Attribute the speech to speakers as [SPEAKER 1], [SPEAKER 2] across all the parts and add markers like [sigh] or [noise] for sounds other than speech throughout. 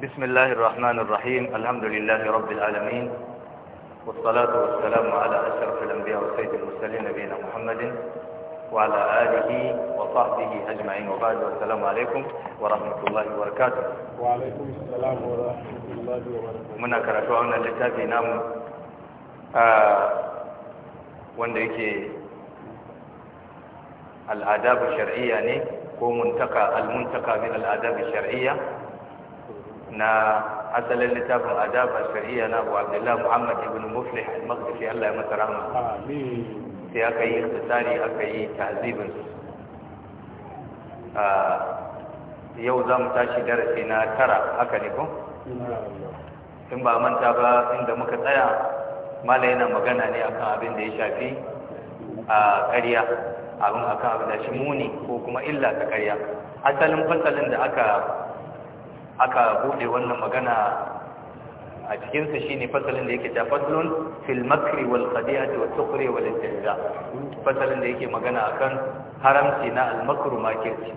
[SPEAKER 1] بسم الله الرحمن الرحيم الحمد لله رب العالمين والصلاة والسلام على أشرف الأنبياء وسيد المرسلين نبينا محمد وعلى آله وصحبه أجمعين وبعد والسلام عليكم ورحمة الله وبركاته وعليكم السلام ورحمة الله وبركاته منا كرتوعنا لتابي نام wanda yake al'adabu shar'iyya ne ko muntaka al-muntaka na asalin littafin adabar shari'a na abu abdullahi muhammad ibn muflih al-maqdisi Allah ya masa rahama sai aka yi tsari aka yi ta'zibin ah, yau za mu tashi darasi na tara haka ne ko in ba manta ba inda muka tsaya mala yana magana ne akan abin da ya shafi a ƙarya abin akan abin da shi muni ko kuma illa ta karya. asalin fasalin da aka aka bude wannan magana a cikinsa shi ne fasalin da yake ta fasalin fil makri wal khadiyati wa tukri wal intiza fasalin da yake magana akan haramci na almakru makru makirci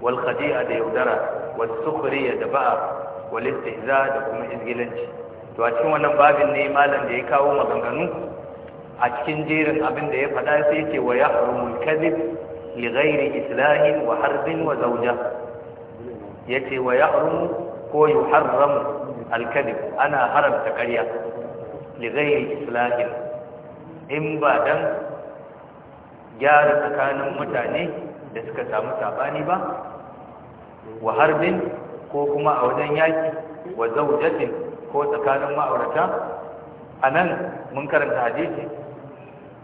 [SPEAKER 1] wal da yaudara was sukhri da ba'a wal istihza da kuma izgilanci to a cikin wannan babin ne malam da ya kawo maganganu a cikin jerin abin da ya fada sai ce wa yahrumul kadhib li ghairi islahin wa harbin wa zawja Ya ce wa yahrumu ko haram al ana haramta karya li ghairi islahin in ba dan gyara tsakanin mutane da suka samu sabani ba wa harbin ko kuma a wajen yaki wa zaujatin ko tsakanin ma'aurata anan mun karanta hadisi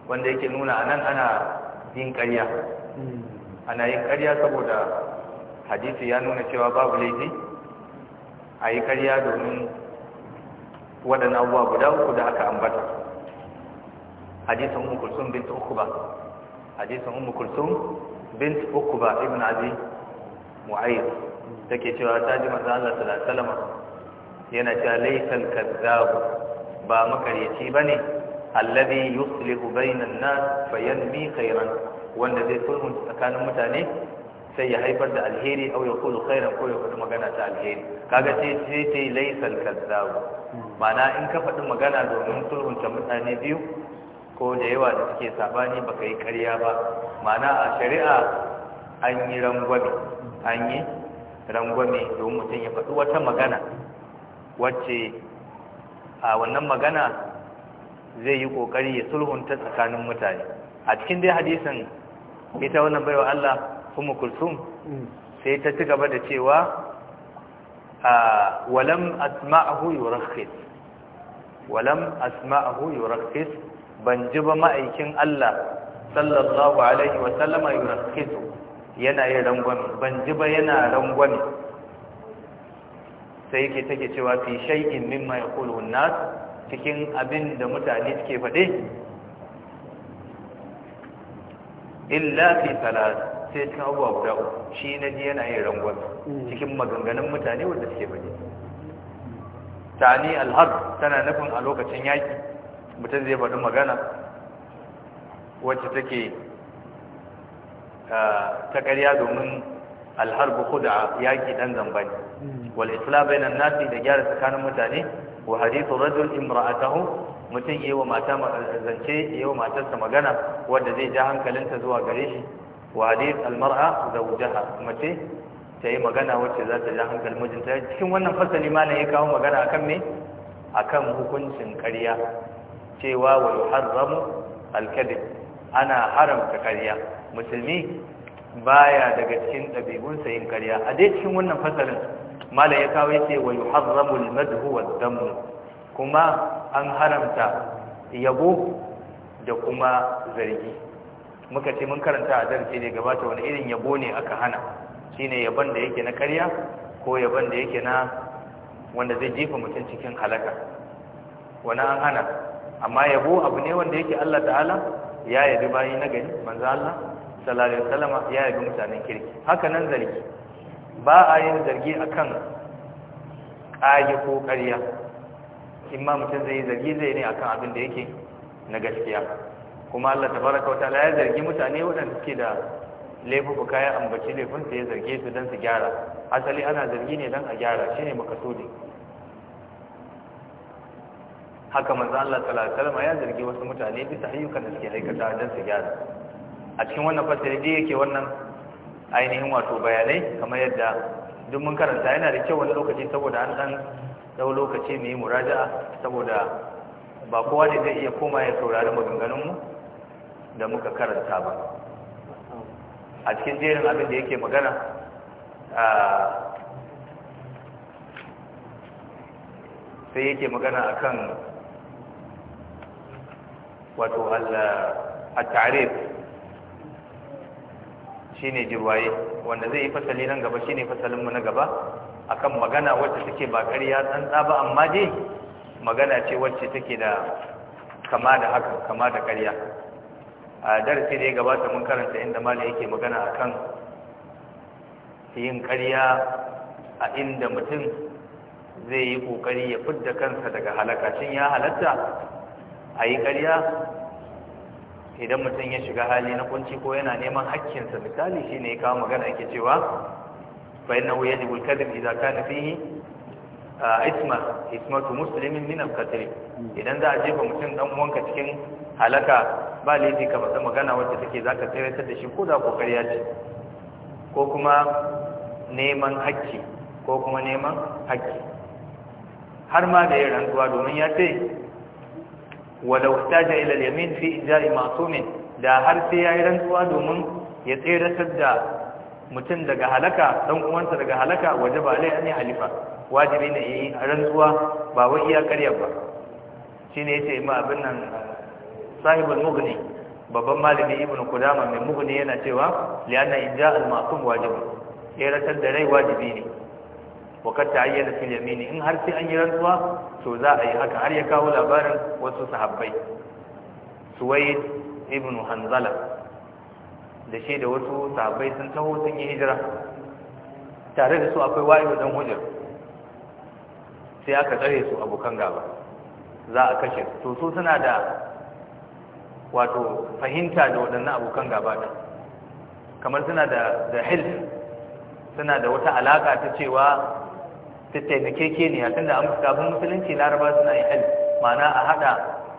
[SPEAKER 1] wanda yake nuna anan ana yin karya. ana yin karya saboda hadisi ya nuna cewa babu laifi a yi karya domin waɗannan abubuwa guda uku da aka ambata hadisin umu kulsun bint ukuba hadisin umu kulsun bint ba ibn abi mu'ayyid take cewa ta ji manzo Allah sallallahu alaihi yana cewa laifin kazzab ba makaryaci allabi alladhi yuslihu na nas fayanmi kairan wanda zai sulhun tsakanin mutane sai ya haifar da alheri au ya kulu khairan ko ya faɗi magana ta alheri kaga sai sai ta yi laisal kazzabu ma'ana in ka faɗi magana domin sulhunta mutane biyu ko da yawa da suke sabani baka yi karya ba ma'ana a shari'a an yi rangwame an yi rangwame domin mutum ya faɗi wata magana wacce a wannan magana zai yi ƙoƙari ya sulhunta tsakanin mutane a cikin dai hadisin ita wannan baiwa Allah umu kulsum hmm. sai ta ci gaba da cewa a walam asma'ahu yurakhis walam asma'ahu yurakhis ban ji ba ma'aikin Allah sallallahu alaihi wa sallam yurakhis yana yin rangwame ban ji ba yana rangwame sai yake take cewa fi shay'in mimma yaqulu an-nas cikin abin da mutane suke fade illa fi salat sai cikin abubuwa guda uku shi na ji yana yin rangon cikin maganganun mutane wanda suke bane tani alhaq tana nufin a lokacin yaki mutum zai faɗi magana wacce take ah, ta ƙarya domin alharbu kuda yaki dan zambani wal islam bainan nasi da gyara tsakanin mutane wa hadithu rajul imra'atahu mutum yayi wa mata zance yayi wa matarsa magana wanda zai ja hankalinta zuwa gare shi wa almar'a zawjaha mace ta yi magana wacce za ta ja hankali mijinta cikin wannan fasali ma ya kawo magana akan me akan hukuncin ƙarya cewa wa yuharramu alkadib ana haramta ƙarya musulmi baya daga cikin ɗabi'un sayin ƙarya a dai cikin wannan fasalin mala ya kawo yace wa yuharramu almadhu wad kuma an haramta yabo da kuma zargi muka ce mun karanta a darasi ne gabata wani irin yabo ne aka hana shine yaban da yake na karya ko yaban da yake na wanda zai jefa mutum cikin halaka wani an hana amma yabo abu ne wanda yake Allah ta'ala ya yabi bayi na gani manzo Allah sallallahu alaihi wasallam ya yabi mutanen kirki haka nan zargi ba a yin zargi akan ƙage ko ƙarya in ma mutum zai yi zargi zai ne akan abin da yake na gaskiya kuma Allah tabaraka wata ya zargi mutane waɗanda suke da laifuka kayan ambaci laifin su ya zarge su don su gyara asali ana zargi ne don a gyara shine makasudi haka manzo Allah ta alaihi ya zargi wasu mutane bisa ayyukan da suke aikata don su gyara a cikin wannan fasali dai yake wannan ainihin wato bayanai kamar yadda duk mun karanta yana da kyau wani lokaci saboda an dan dau lokaci mu yi muraja'a saboda ba kowa ne zai iya koma ya saurari maganganunmu da muka karanta ba a cikin jerin abin da yake magana sai yake magana a kan wato a tarif ne jirwaye wanda zai yi fasali nan gaba shi ne fasalinmu na gaba akan magana wacce take ba karya tsantsa ba amma dai magana ce wacce take da kama da haka kama da ƙarya a darasi da ya gabata mun karanta inda mali yake magana akan yin ƙarya a inda mutum zai yi kokari ya fidda kansa daga halakacin ya halatta a yi ƙarya idan mutum ya shiga hali na kunci ko yana neman hakkinsa misali shi ne ya kawo magana ake cewa bayan na wuya jibul kadin idan ka nufi a isma musulmin minan al idan za a jefa mutum dan uwanka cikin halaka ba laifi ka fasa magana wacce take ka tsiratar da shi ko da kokari ya ce ko kuma neman hakki ko kuma neman hakki har ma da yin rantsuwa domin ya ce walau ihtaja ila al-yamin fi masu min. da har sai ya yi rantsuwa domin ya tsiratar da mutum daga halaka ɗan uwansa daga halaka ba lai an halifa wajibi ne yi rantsuwa ba wai iya karyar ba ya ce ma abin nan sahibul mughni babban malami ibnu kudama mai mughni yana cewa li'anna inja al ma'tum wajib yaratar da rai wajibi ne wakar ta ayyana fil yamini in har sai an yi rantsuwa to za a yi haka har ya kawo labarin wasu sahabbai suwaid ibn hanzala da shi da wasu sahabbai sun taho sun yi hijira tare da su akwai wayo don hujjar sai aka tsare su abokan gaba za a kashe to su suna da wato fahimta da waɗannan abokan gaba ɗin kamar suna da da hilf suna da wata alaka ta cewa ta taimakekeniya tunda an kafin musulunci laraba suna yi health. ma'ana a haɗa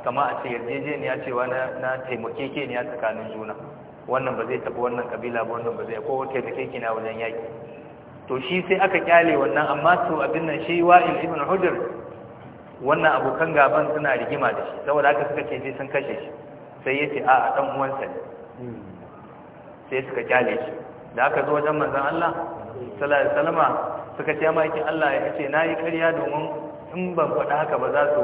[SPEAKER 1] kama a ce yarjejeniya cewa na ne a tsakanin juna wannan ba zai tafi wannan kabila ba wannan ba zai ko na wajen yaƙi. to shi sai aka kyale wannan amma to abin nan shi wa'il ibn hujr wannan abokan gaban suna rigima da shi saboda haka suka ce sai sun kashe shi sai ya ce a ɗan uwansa ne sai suka kyale shi da aka zo wajen manzan Allah sallallahu alaihi wasallama suka ce ma yake Allah ya ce nayi ƙarya domin in ban faɗa haka ba za su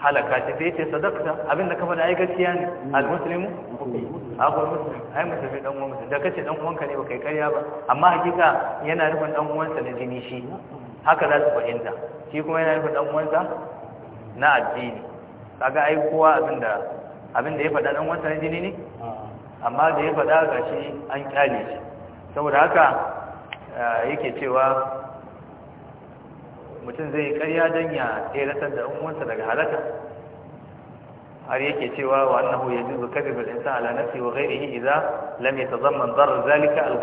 [SPEAKER 1] halaka shi sai ce sadaqta abinda ka faɗa ai gaskiya ne al-muslimu akwai musulmi ai musulmi dan uwan musulmi da kace dan uwanka ne ba kai ƙarya ba amma hakika yana nufin ɗan uwansa na jini shi haka za su fahimta shi kuma yana nufin ɗan uwansa na addini kaga ai kowa abinda abin da ya faɗa ɗan wata jini ne amma da ya faɗa ga shi an kyale shi saboda haka yake cewa mutum zai yi ƙarya don ya tseratar da umarsa daga halaka har yake cewa wa annahu yajuzu kadhibu al-insan ala nafsi wa ghayrihi idza lam yatazamman darar zalika al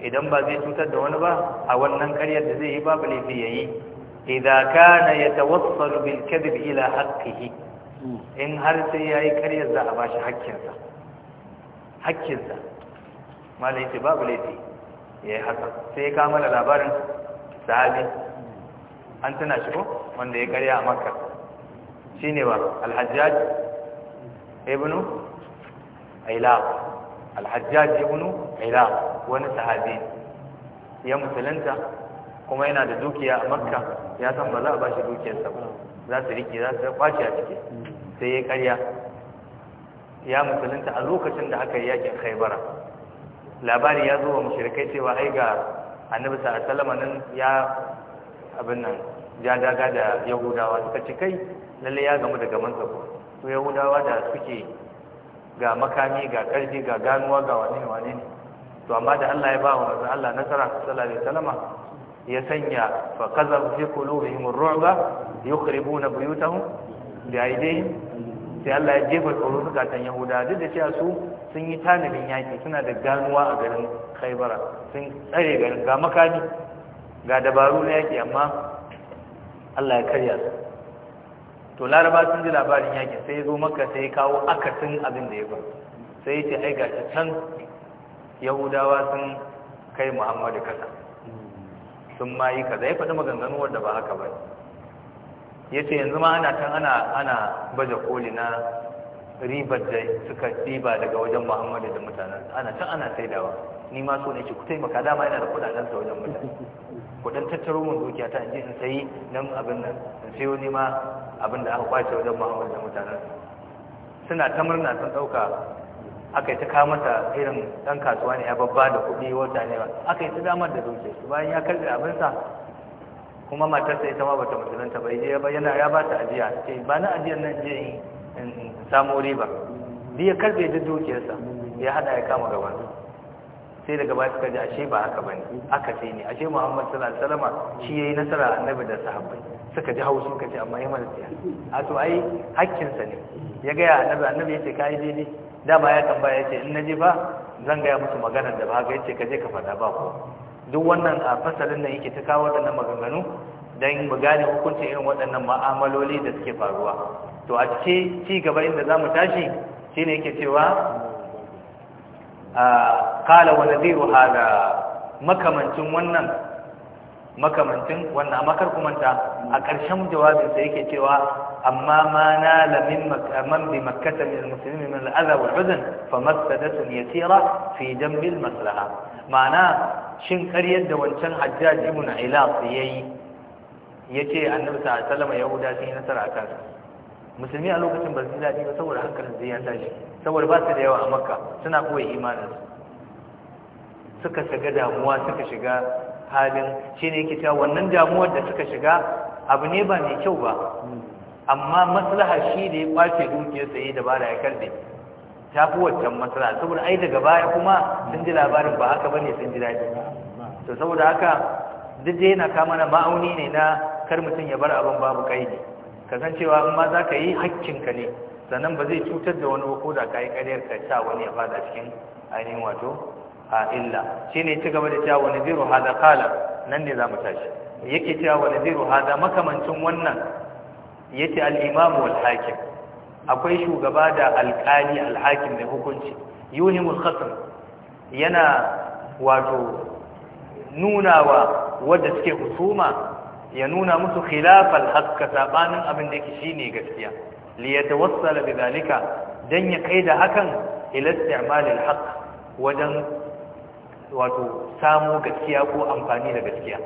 [SPEAKER 1] idan ba zai cutar da wani ba a wannan ƙaryar da zai yi babu laifi yayi idza kana yatawassalu bil kadhib ila haqqihi in har sai ya yi karyar za a bashi hakkinsa hakkinsa malai ce babu laifi ya yi haka sai ya kama da labarin sahabi an tana shi ko wanda ya karya a makar shi ne ba alhajjaj ibnu ailaq alhajjaj ibnu ailaq wani sahabi ya musulunta kuma yana da dukiya a makka ya san ba za a ba shi dukiyarsa ba za su riƙe za su kwace a ciki sai ya karya ya musulunta a lokacin da aka yi yakin khaibara labari ya zo wa mushrikai cewa ai ga annabi sallallahu nan ya abin nan ya daga da yahudawa suka ci kai lalle ya gamu da gaman sa su yahudawa da suke ga makami ga karfi ga ganuwa ga wani ne ne to amma da Allah ya ba wa Allah nasara sallallahu alaihi wasallama ya sanya fa kazabu fi qulubihim ar-ru'ba yukhribuna buyutahum bi aydihim sai Allah ya jefa tsoro zukatan Yahuda duk da cewa su sun yi tanadin yaki suna da ganuwa a garin Khaibara sun tsare garin ga makami ga dabaru na yaki amma Allah ya karya su to laraba sun ji labarin yaki sai ya zo Makka sai ya kawo akasin abin da ya faru sai ya ce ai gashi can yahudawa sun kai muhammadu kasa sun ma yi kaza ya faɗi maganganu wanda ba haka ba ya ce yanzu ma ana can ana ana baje koli na ribar da suka ɗiba daga wajen muhammadu da mutanen ana can ana saidawa ni ma so ne ce ku taimaka dama yana da kudaden sa wajen mutane kudin tattaro mun dukiya ta inji in sayi nan abin nan in sayo ni ma abin da aka kwace wajen muhammadu da mutanen suna ta murna sun ɗauka aka yi ta kama ta irin ɗan kasuwa ne ya babba da kuɗi wata ne ba aka yi ta damar da zuke su bayan ya karɓi abinsa kuma matarsa ita ma bata musulunta ba ya yana ya ba ta ajiya ce ba na ajiyar nan je in samu riba bi ya karɓe duk dukiyarsa ya haɗa ya kama gaba sai daga baya suka ji ashe ba haka bane aka sai ne ashe Muhammad sallallahu alaihi wasallam shi yayi nasara annabi da sahabbai suka ji haushi suka ce amma yayi mana tsiya a to ai hakkin sa ne ya ga annabi annabi yace kai daidai dama ya tambaya ya ce in na je ba zan gaya musu maganar da ba ga yace ka je ka faɗa ba ko duk wannan a fasalin nan yake ta kawo waɗannan maganganu don mu gane hukuncin irin waɗannan ma'amaloli da suke faruwa to a ce ci gaba inda zamu tashi shi yake cewa a kala wa nadiru hada makamancin wannan makamancin wannan makar kumanta a ƙarshen jawabinsa yake cewa أما ما نال من, مك... من بمكة من المسلمين من الأذى والحزن فمفسدة يسيرة في جنب المسلحة معناه شن قرية قريد شن حجاج ابن علاق يي يتي أن النبي صلى الله عليه وسلم يهودا في نصر عكاس المسلمين قالوا كتن بزيلا دي وصور عنك الزيان داشي صور باس ديوا مكة سنا قوي إيمانا سكة سجد أموا سكا شجا هذا شيء كتير وننجا أموا سكة شجا أبني بني شوبا amma maslaha shi da ya kwace dukiyar sai da bara ya karbe ta fi wancan maslaha saboda ai daga baya kuma sun ji labarin ba haka bane sun ji daɗi to saboda haka duk da yana kama na ma'auni ne na kar mutum ya bar abin babu kaidi kasancewa in ma za ka yi haƙƙinka ne sannan ba zai cutar da wani ko da ka yi ƙaryar ka sa wani ya fada cikin ainihin wato a illa shi ne ci gaba da cewa wani zero hada kala nan ne za mu tashi yake cewa wani zero hada makamancin wannan yace al-imam wal hakim akwai shugaba da alƙali al-hakim mai hukunci yuhimul khatm yana wato nunawa wadda suke husuma ya nuna musu khilafal haqqa sabanin abin da yake shine gaskiya li yatawassala bidalika dan ya kai da hakan ila isti'malil haqq wajen wato samu gaskiya ko amfani da gaskiya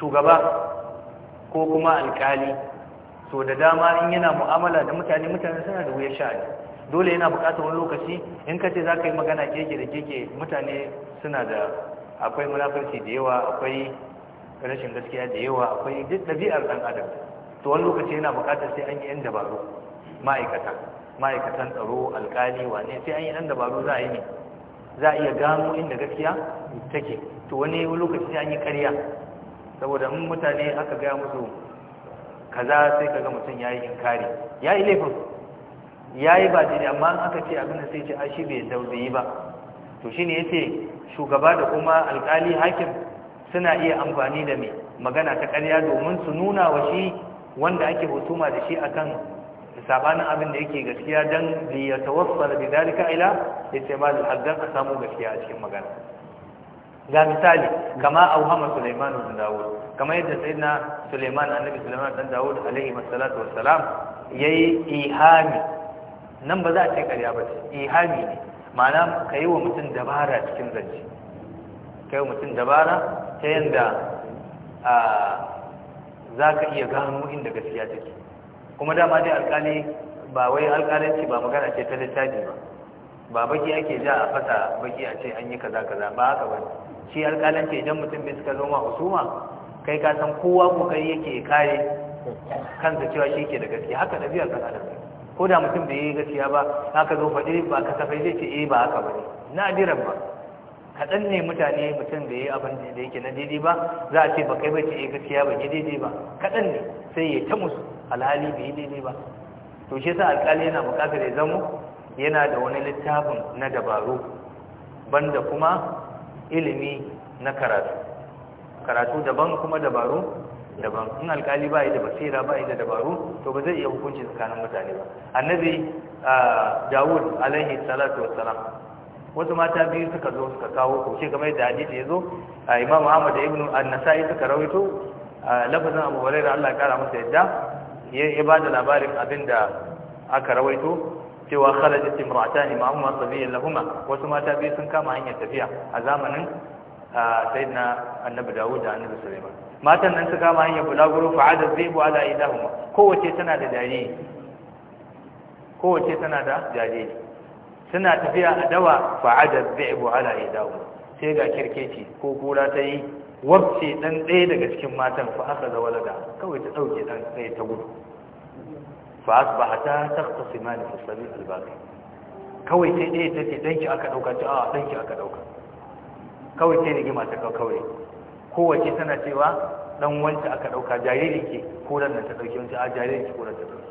[SPEAKER 1] shugaba ko kuma alkali to da dama in yana mu'amala da mutane mutane suna da wuyar sha'ani dole yana bukatar wani lokaci in ka ce za ka yi magana keke da keke mutane suna da akwai munafurci da yawa akwai rashin gaskiya da yawa akwai duk ɗabi'ar ɗan adam to wani lokaci yana bukatar sai an yi 'yan dabaru ma'aikata ma'aikatan tsaro alkali wane sai an yi 'yan dabaru za a yi ne za a iya gano inda gaskiya take to wani lokaci sai an yi karya saboda mutane aka gaya musu kaza sai kaga mutum ya yayi inkari yi laifin yi ba jini amma aka ce abinda sai ce a shi bai yi ba to shine ce shugaba da kuma alkali hakim suna iya amfani da mai magana ta karya domin su nuna wa shi wanda ake hutuma da shi akan sabanin abin da yake gaskiya dan li yatawassal bi dalika ila istimal al-hadd a samu gaskiya a cikin magana ga misali kama auhama Sulaiman da Dawud kama yadda sayyidina Sulaiman annabi Sulaiman dan Dawud alaihi wassalatu wassalam yayi ihami nan ba za a ce karya ba ce ihami ne ma'ana ka yi wa mutum dabara cikin zance ka yi wa mutum dabara ta yadda za ka iya gano inda gaskiya take kuma dama dai alkali ba wai alƙalanci ba magana ce ta littafi ba ba baki ake ja a fasa baki a ce an yi kaza kaza ba haka ba shi alƙalanci idan mutum bai suka zoma husuma kai ka san kowa kokari yake kare kansa cewa shi ke da gaskiya haka biyar kan adam ko da mutum bai yi gaskiya ba haka zo faɗi ba safai zai ce eh ba haka ba ne nadiran ba kaɗan ne mutane mutum da ya yi abin da yake na daidai ba za a ce ba kai ba ce eh, gaskiya ba yi daidai ba kaɗan ne sai ya ta musu alhali bai yi daidai ba to shi sa alƙali yana buƙatar ya zamo yana da wani littafin na dabaru banda kuma ilimi na karatu karatu daban kuma dabaru daban in alkali ba yi da basira ba yi da dabaru to ba zai iya hukunci tsakanin mutane ba annabi ah, dawud alaihi salatu wassalam wasu mata biyu suka zo suka kawo koke game da hadisi ya zo ah, imam ahmad da ibnu an-nasa'i suka rawaito ah, lafazin abu hurairah Allah ya kara masa yadda ya ba da labarin abinda aka rawaito cewa kharajat imra'atani ma'ahuma sabiyan lahuma wasu mata biyu sun kama hanyar tafiya a zamanin sayyidina annabi Dawud da annabi Sulaiman matan nan su kama hanyar bulaguru fa fa'ada zaibu ala idahuma kowace tana da jariri kowace tana da jariri suna tafiya a dawa fa fa'ada zaibu ala idahuma sai ga kirkeci ko kura ta yi wabce dan ɗaya daga cikin matan fa aka zawala da kawai ta ɗauke dan ɗaya ta gudu fa asbahata taqtasimani fi sabil al-baqi kawai sai dai take danki aka dauka ta a danki aka dauka kawai sai gima ta kawai kowace tana cewa dan wanda aka dauka jaririn ki ko dan ta dauki wanda a jaririn ki ko dan ta dauki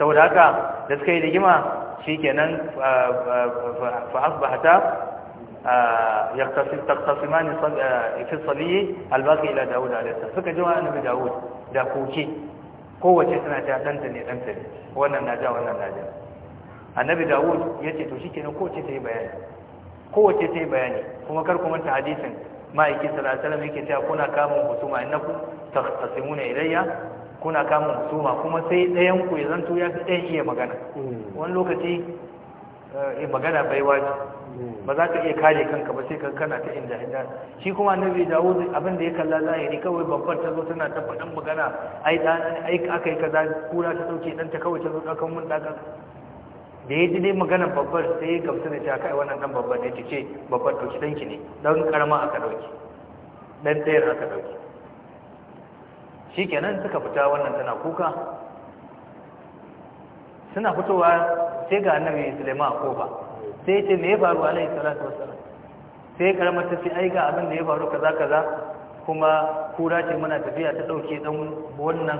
[SPEAKER 1] saboda haka da suka yi rigima shikenan fa asbahata يقتصم تقتصمان في الصبي الباقي الى داود عليه السلام فكجوا النبي داود da koke. kowace tana ta danta ne danta ne wannan na ja wannan na ja annabi dawud ya ce to shi kenan kowace ta yi bayani kowace ta yi bayani kuma kar kuma ta hadisin ma'aikin sallallahu alaihi wasallam yake cewa kuna kamun husuma innakum takhtasimuna ilayya kuna kamun husuma kuma sai ɗayan ku ya zanto ya fi ɗayan iya magana hmm. wani lokaci Eh, eh, magana bai waje ba za ka iya kare kanka ba sai ka kana ta inda inda shi kuma annabi Dawud abin da ya kalla zahiri kawai babbar ta zo tana ta faɗin magana ai dan ai akai yi kaza kura ta dauke dan ta kawai ta zo kan mun daga da ya ji dai magana babbar sai ya gamsu da ta kai wannan dan babbar ne tace babbar dauki danki ne dan karama aka dauke dan tayar aka dauki shikenan suka fita wannan tana kuka suna fitowa sai ga annabi Sulaiman a kofa sai ya ce me ya faru alaihi salatu wassalam sai karamar ta ce ai ga abin da ya faru kaza kaza kuma kura ce muna tafiya ta dauke dan wannan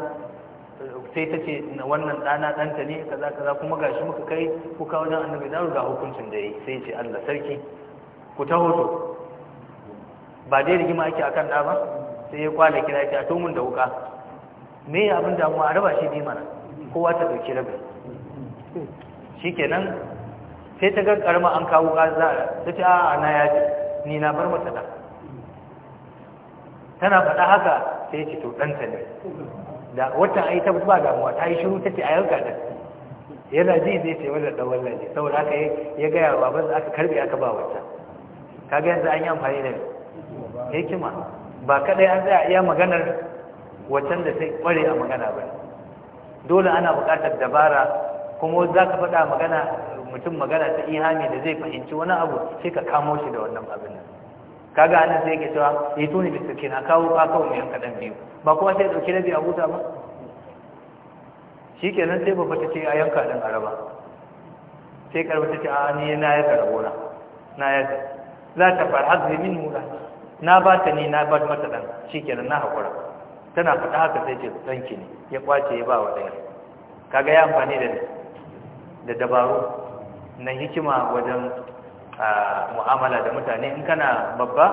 [SPEAKER 1] sai ta ce wannan dana danta ne kaza kaza kuma gashi muka kai kuka wajen annabi na ga hukuncin da yi sai ce Allah sarki ku ta hoto ba dai rigima ake akan da ba sai ya kwala kira ya ce a tomin da wuka me abin damuwa a raba shi bi mana kowa ta dauki rabin Shi nan. sai ta gan karma an kawo gaza ta ce a'a na ce ni na bar mata da tana faɗa haka sai ce to ɗanta ne da wata yi ta ba damuwa ta yi shiru ta ce a yanka da yana ji zai ce wannan da wannan ne saboda haka ya gaya wa ba aka karbe aka ba wata ga yanzu an yi amfani da hikima ba kaɗai an tsaya iya maganar waccan da sai kware a magana ba dole ana buƙatar dabara kuma za ka faɗa magana mutum magana ta ihami da zai fahimci wani abu sai ka kamo shi da wannan abin nan kaga anan sai yake cewa ya eh, tuni bisa kina kawo ka kawo mai kaɗan biyu ba kuma sai ɗauki rabi a buta ba shi nan sai ba fata ce a yanka ɗan araba sai karba ta ce a ni na ya karbo na na ya za ta farhaz min mura na ba ta ni na ba mata ɗan shi nan na haƙura tana faɗa haka sai ce ɗanki ne ya ƙwace ya ba wa ɗaya kaga ya amfani da ni da dabaru na hikima wajen mu'amala da mutane in kana babba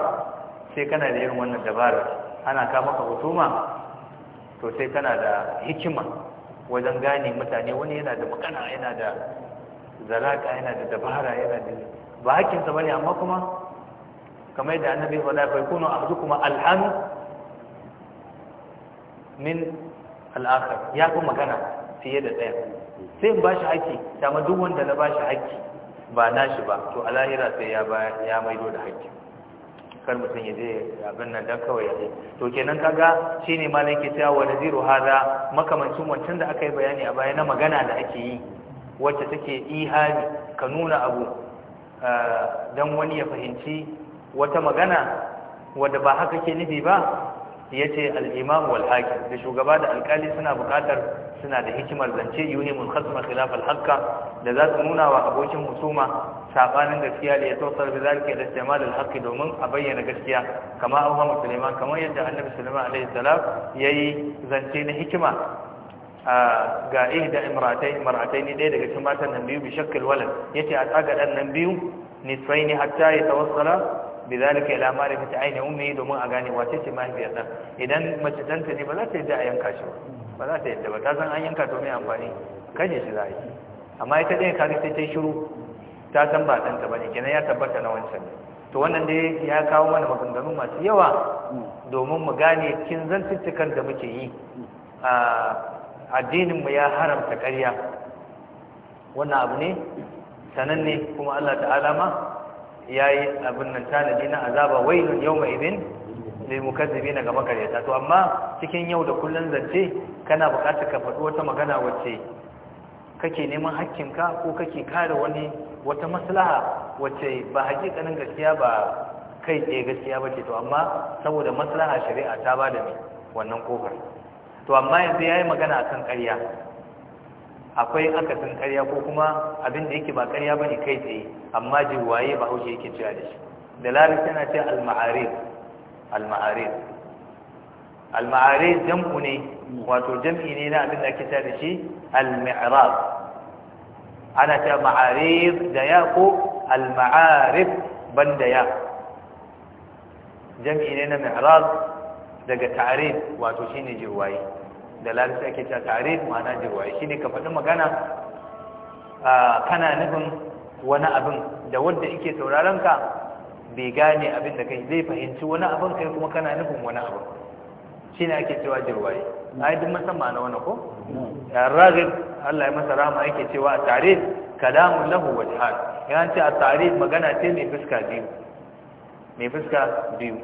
[SPEAKER 1] sai kana da irin wannan dabarar ana kama ka hutuma to sai kana da hikima wajen gane mutane wani yana da magana yana da zaraka yana da dabara yana da ba hakinsa bane amma kuma kamar yadda annabi faɗa fa yakunu ahdukum alhanu min al ya kuma magana fiye da ɗaya sai in shi haƙƙi dama duk wanda na ba shi haƙƙi ba nashi ba to a lahira sai ya ba ya maido da haƙƙi kar mutum ya je abin nan dan kawai ya je to kenan kaga shine malam ke cewa wa naziru hada makamancin wancan da aka yi bayani a baya na magana da ake yi wacce take ihani ka nuna abu dan wani ya fahimci wata magana wadda ba haka ke nufi ba ya ce wal hakim da shugaba da alƙali suna buƙatar suna da hikimar zance yuhimul khasma khilaf al-haqqa da za su nuna wa abokin husuma sabanin gaskiya da ya tausar da zalika da istimal al-haqqi domin a bayyana gaskiya kama abu auhamu Sulaiman kamar yadda Annabi Sulaiman alaihi salam yayi zance na hikima ga ihda imratai mar'ataini dai daga cikin matan nan biyu bi shakkil walad yace a tsaga dan nan biyu nisfaini hatta ya tawassala bidalika ila ma'rifati ayni ummi domin a gane wace ce mahaifiyar dan idan mace danta ne ba za ta yi da a yanka shi ba za ta yadda ba ta san an yanka to mai amfani yi shi za a yi amma ita ɗaya kare sai ta yi shiru ta san ba ɗanta ba ne kenan ya tabbata na wancan to wannan dai ya kawo mana maganganu masu yawa domin mu gane kin zantuttukan da muke yi A mu ya haramta ƙarya wannan abu ne sananne kuma Allah ta'ala ma ya yi abin nan tana na azaba wailun yau mai idin lil mukazzibina ga makaryata to amma cikin yau da kullun zance kana buƙatar ka faɗi wata magana wacce kake neman hakkinka ko kake kare wani wata maslaha wacce ba hakikanin gaskiya ba kai tsaye gaskiya ba ce to amma saboda maslaha shari'a ta ba da mai wannan kofar to amma yanzu ya yi magana akan ƙarya akwai akasin ƙarya ko kuma abin da yake ba ƙarya ba ne kai tsaye amma jiwaye ba haushe yake cewa da shi da larabci yana ce al-ma'arif al-ma'arif al-ma'arif jam'u ne wato jam'i ne na abin da ake da shi al-mi'rab ana ta ma'arif da ya ko al-ma'arif banda ya jam'i ne na mi'rab daga ta'rif wato shine jirwaye da lalata ake cewa ta'rif ma'ana jirwaye shine ka faɗi magana kana nufin wani abin da wanda yake sauraron ka bai gane abin da kai zai fahimci wani abin kai kuma kana nufin wani abu ne ake cewa jirwaye ai duk musamman na wani ko ragin Allah ya masa rama yake cewa a tare kalamun lahu jihar ya ce a tare magana ce mai fuska biyu mai fuska biyu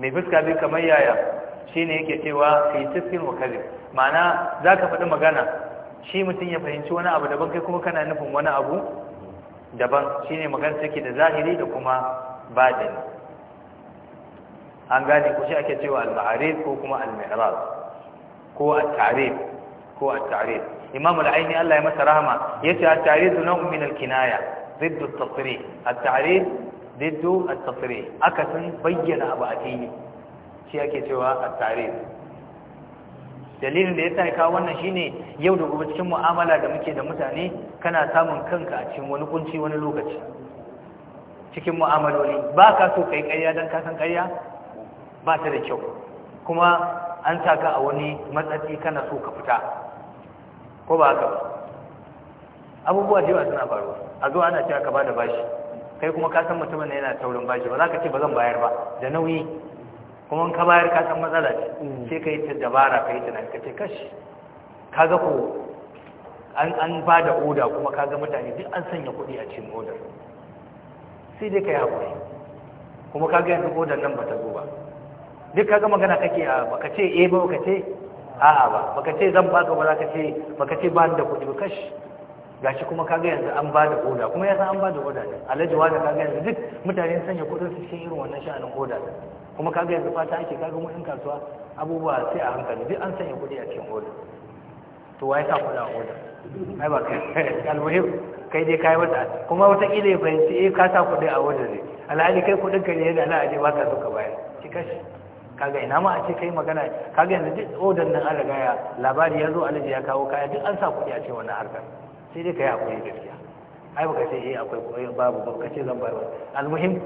[SPEAKER 1] mai fuska biyu kamar yaya shi ne yake cewa kai tafsir wa ma'ana ma'ana ka faɗi magana shi mutum ya fahimci wani abu daban kai kuma kana nufin wani abu daban shine magana take da zahiri da kuma batini an gane ko shi ake cewa al-ma'arif ko kuma al-mi'raj ko at-ta'rif ko at-ta'rif imam al-aini Allah ya masa rahama yace at-ta'rif nau'un min al-kinaya ضد التصريح التعريف ضد التصريح akasin bayyana abu a fili shi ake cewa at-ta'rif dalilin da ya sa kawo wannan shine yau da gobe cikin mu'amala da muke da mutane kana samun kanka a cikin wani kunci wani lokaci cikin mu'amaloli ba ka so kai ƙarya don ka san ba ta da kyau kuma an sa ka a wani matsatsi kana so ka fita ko ba haka abubuwa da yawa suna faruwa a zo ana cewa ka ba da bashi kai kuma kasan san mutumin yana taurin bashi ba za ka ce ba zan bayar ba da nauyi kuma ka bayar ka san matsala ce ce mm. ka yi ta dabara ka yi ta ka ce kashi ga ko an an ba da oda kuma ka ga mutane duk an sanya kuɗi a cikin odar sai dai ka yi haƙuri kuma ka ga yanzu odar nan ba ta zo ba duk ka ga magana kake a baka ce eh ba baka ce a'a ba baka ce zan ba ka ba ka ce baka ce ba da kuɗi ba kashi gashi kuma ka ga yanzu an ba da oda kuma ya san an ba da oda ne alhaji wa da ga yanzu duk mutane sanya kuɗin su cikin irin wannan sha'anin oda ne kuma kaga yanzu fata ake kaga mu ɗan kasuwa abubuwa sai a hankali duk an sanya kuɗi a cikin oda to ya sa kuɗi a oda ai ba kai [laughs] almuhim kai dai kai wata kuma wata kila ya fahimci eh ka sa kuɗi a oda ne alhali kai kuɗin ka ne yana na aje ba ka so ka bayar ki kashi kaga ina ma a ce kai magana kaga yanzu duk odan nan an riga ya labari ya zo alaji ya kawo kaya duk an sa kuɗi a cikin wannan harkar sai dai ka yi hakuri gaskiya ai ka ce eh akwai eh, babu ba ka ce zan bayar almuhim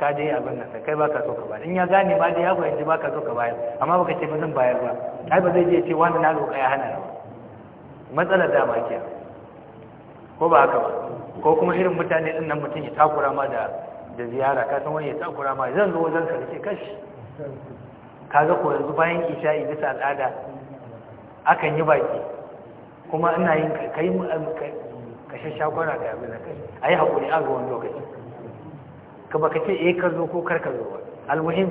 [SPEAKER 1] ka dai abin nan kai baka so ka bayar in ya gane ma dai ya fahimci baka so ka bayar amma baka ce ba zan bayar ba ai ba zai je ce wani na roƙa ya hana ba matsalar ma kiya ko ba haka ba ko kuma irin mutane din nan mutum ya takura ma da da ziyara ka san wani ya takura ma zan zo wajen ka ce kashi kaga ko yanzu bayan isha'i bisa al'ada akan yi baki kuma ina yin kai ka shashakwana ga abin da kai a yi haƙuri a wani lokaci ka ce eh ka zo ko kar ka zo ba almuhim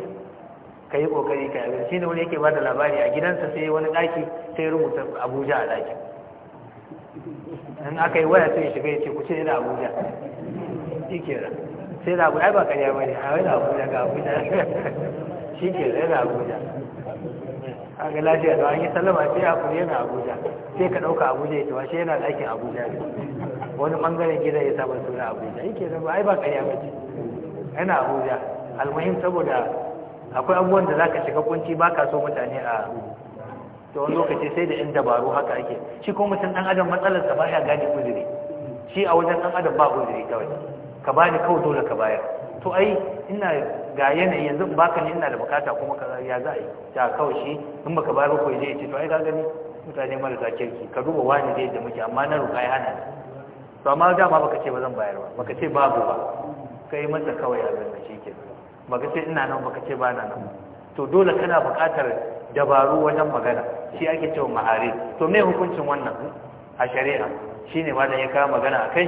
[SPEAKER 1] ka yi kokari ka yi shi ne wani yake bada labari a gidansa sai wani daki sai rubuta abuja a daki in aka yi waya sai ya shiga ya ce ku ce da abuja shi ke sai da abuja ba karya ba ne a wani abuja ga abuja shi ke da yana abuja a ga lafiya da an yi sallama sai a kuri yana abuja sai ka ɗauka abuja ya ce sai shi yana ɗakin abuja wani ɓangaren gidan ya saba suna abuja shi da ba ai ba karya ba ce yana abuja almuhim saboda akwai abubuwan da za ka shiga kunci ka so mutane a to lokaci sai da yan dabaru haka ake shi ko mutum dan adam matsalar sa baya gane uzuri shi a wajen dan adam ba uzuri kawai ka ba ni kawai dole ka bayar to ai ina ga yanayi yanzu baka ni ina da bukata kuma ka ya za a yi ta kawai shi in baka bayar ko je ce to ai ka gani mutane marasa kirki ka duba wani da muke amma na ruka ya hana to amma dama baka ce ba zan bayar ba baka ce babu ba kai mata kawai a zanga shi ke baka ce ina nan baka ce ba na nan to dole kana buƙatar dabaru wajen magana shi ake cewa mahari to me hukuncin wannan a shari'a shine ma ya kawo magana a kai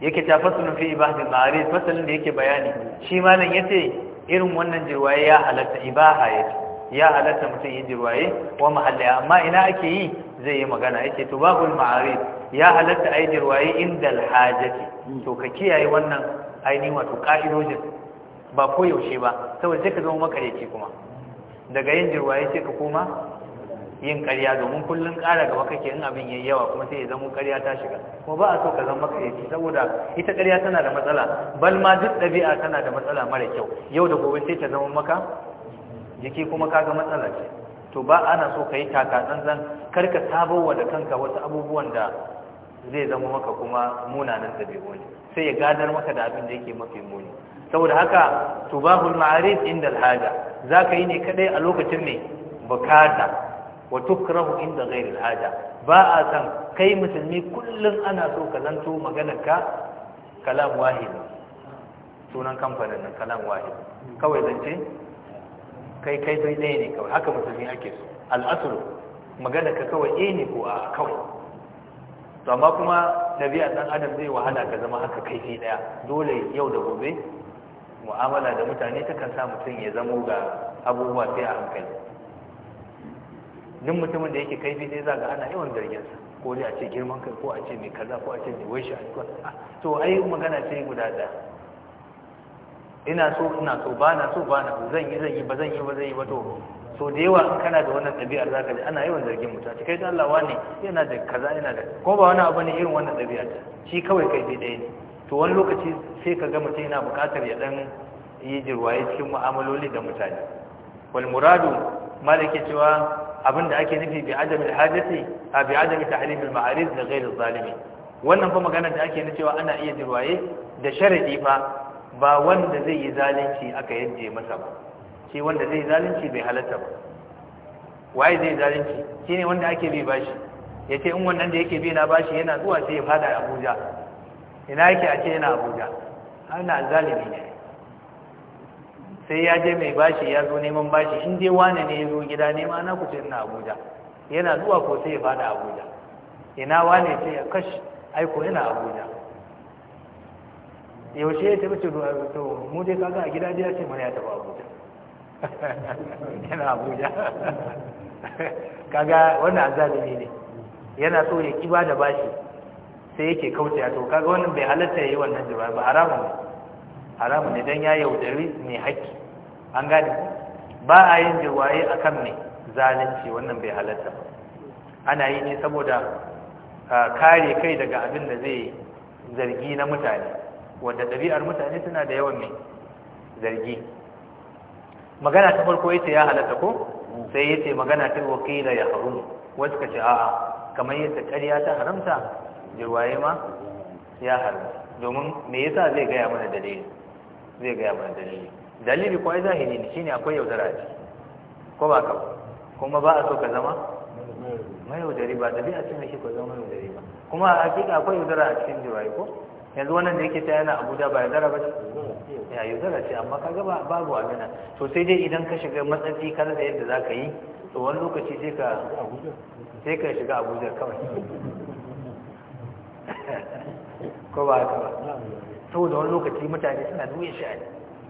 [SPEAKER 1] yake ta fasalin fi ibahati mahari fasalin da yake bayani shi malam ce irin wannan jirwaye ya halatta ibaha ce ya halatta mutum yi jirwaye wa mahalliya amma ina ake yi zai yi magana yake to babul maari ya halatta ai jirwaye inda alhajati to ka kiyaye wannan ainihin wato ka'idojin ba ko yaushe ba saboda sai ka zama makareci kuma daga yin jirwaye sai ka koma yin ƙarya domin kullum ƙara gaba kake in abin yayi yawa kuma sai ya zama ƙarya ta shiga kuma ba a so ka zama makareci saboda ita ƙarya tana da matsala bal ma duk ɗabi'a tana da matsala mara kyau yau da gobe sai ta zama maka jiki kuma kaga matsala ce to ba ana so ka yi taka tsantsan karka sabowa da kanka wasu abubuwan da zai zama maka kuma munanan ɗabi'u ne sai ya gadar maka da abin da yake mafi muni saboda haka tubahul ma'arif inda alhaja za ka yi ne kadai a lokacin ne bukata wa tukrahu inda ghairil haja ba a san kai musulmi kullum ana so ka zanto maganarka kalam wahid sunan kamfanin nan kalam wahid kawai zance kai kai sai ɗaya ne kawai haka musulmi ake so Al'asuru, magana ka kawai ɗaya ne ko a kawai to amma kuma a ɗan adam zai wahala ka zama haka kai sai ɗaya dole yau da gobe mu'amala da mutane ta kan sa mutum ya zamo ga abubuwa sai a hankali duk mutumin da yake kaifi sai za ga ana yawan sa ko dai a ce girman kai ko a ce mai kaza ko a ce mai wai shi a ah, to ai magana ce guda ɗaya ina so ina so ba na so ba na zan yi zan yi ba zan yi ba zan yi ba to so da yawa kana da wannan ɗabi'ar za ka ji ana yawan zargin mutum cikai ta Allah wane yana da kaza yana da ko ba wani abu ne irin wannan ɗabi'ar shi kawai kai ɗaya ne to wani lokaci sai ka ga mutum yana buƙatar ya ɗan yi jirwaye cikin mu'amaloli da mutane wal muradu malike cewa abinda ake nufi bi adami alhajati a bi adami tahrim alma'arif da ghayr zalimi wannan fa magana da ake nufi cewa ana iya jirwaye da sharadi fa ba wanda zai yi zalunci aka yanje masa ba shi wanda zai zalunci bai halatta ba waye zai zalunci shine wanda ake bi bashi yace in wannan da yake bi na bashi yana zuwa sai ya fada Abuja ina yake a ce yana Abuja ana zalimi ne sai ya je mai bashi ya zo neman bashi in dai wane ne ya zo gida nema na ku ina Abuja yana zuwa ko sai ya fada Abuja ina wane sai ya kashi aiko yana Abuja yaushe ya tafi a to mu dai kaga a gida dai ya ce mana ya tafi abuja [laughs] yana abuja [laughs] kaga wannan azalimi ne yana so ya kiba da bashi sai yake kauce to kaga wannan bai halatta yayi wannan da ba haramun ne haramun ne dan ya yaudari mai haƙƙi an gane ba a yin jirwaye akan ne zalunci wannan bai halatta ba ana yi ne saboda ah, kare kai daga abin da zai zargi na mutane wadda ɗabi'ar mutane suna da yawan mai zargi magana ta farko yace ya halatta ko sai yace magana ta wakila ya harum wasu ka ce a'a kamar yadda ƙarya ta haramta jirwaye ma ya haramta domin me yasa zai gaya mana dalili zai gaya mana dalili dalili ko ai zahiri ne shine akwai yaudara ce ko ba ka kuma ba a so ka zama mai yaudari ba dabi'a ce mai shi ko zama yaudari ba kuma a hakika akwai yaudara a cikin jirwaye ko yanzu wannan da yake ta yana abuja ba ya zara ba ce ya yi zara ce amma kaga ba babu a gana to sai dai idan ka shiga matsatsi ka da yadda za ka yi to wani lokaci sai ka sai ka shiga abuja kawai [laughs] ko ba ka ba saboda wani lokaci mutane suna da shi a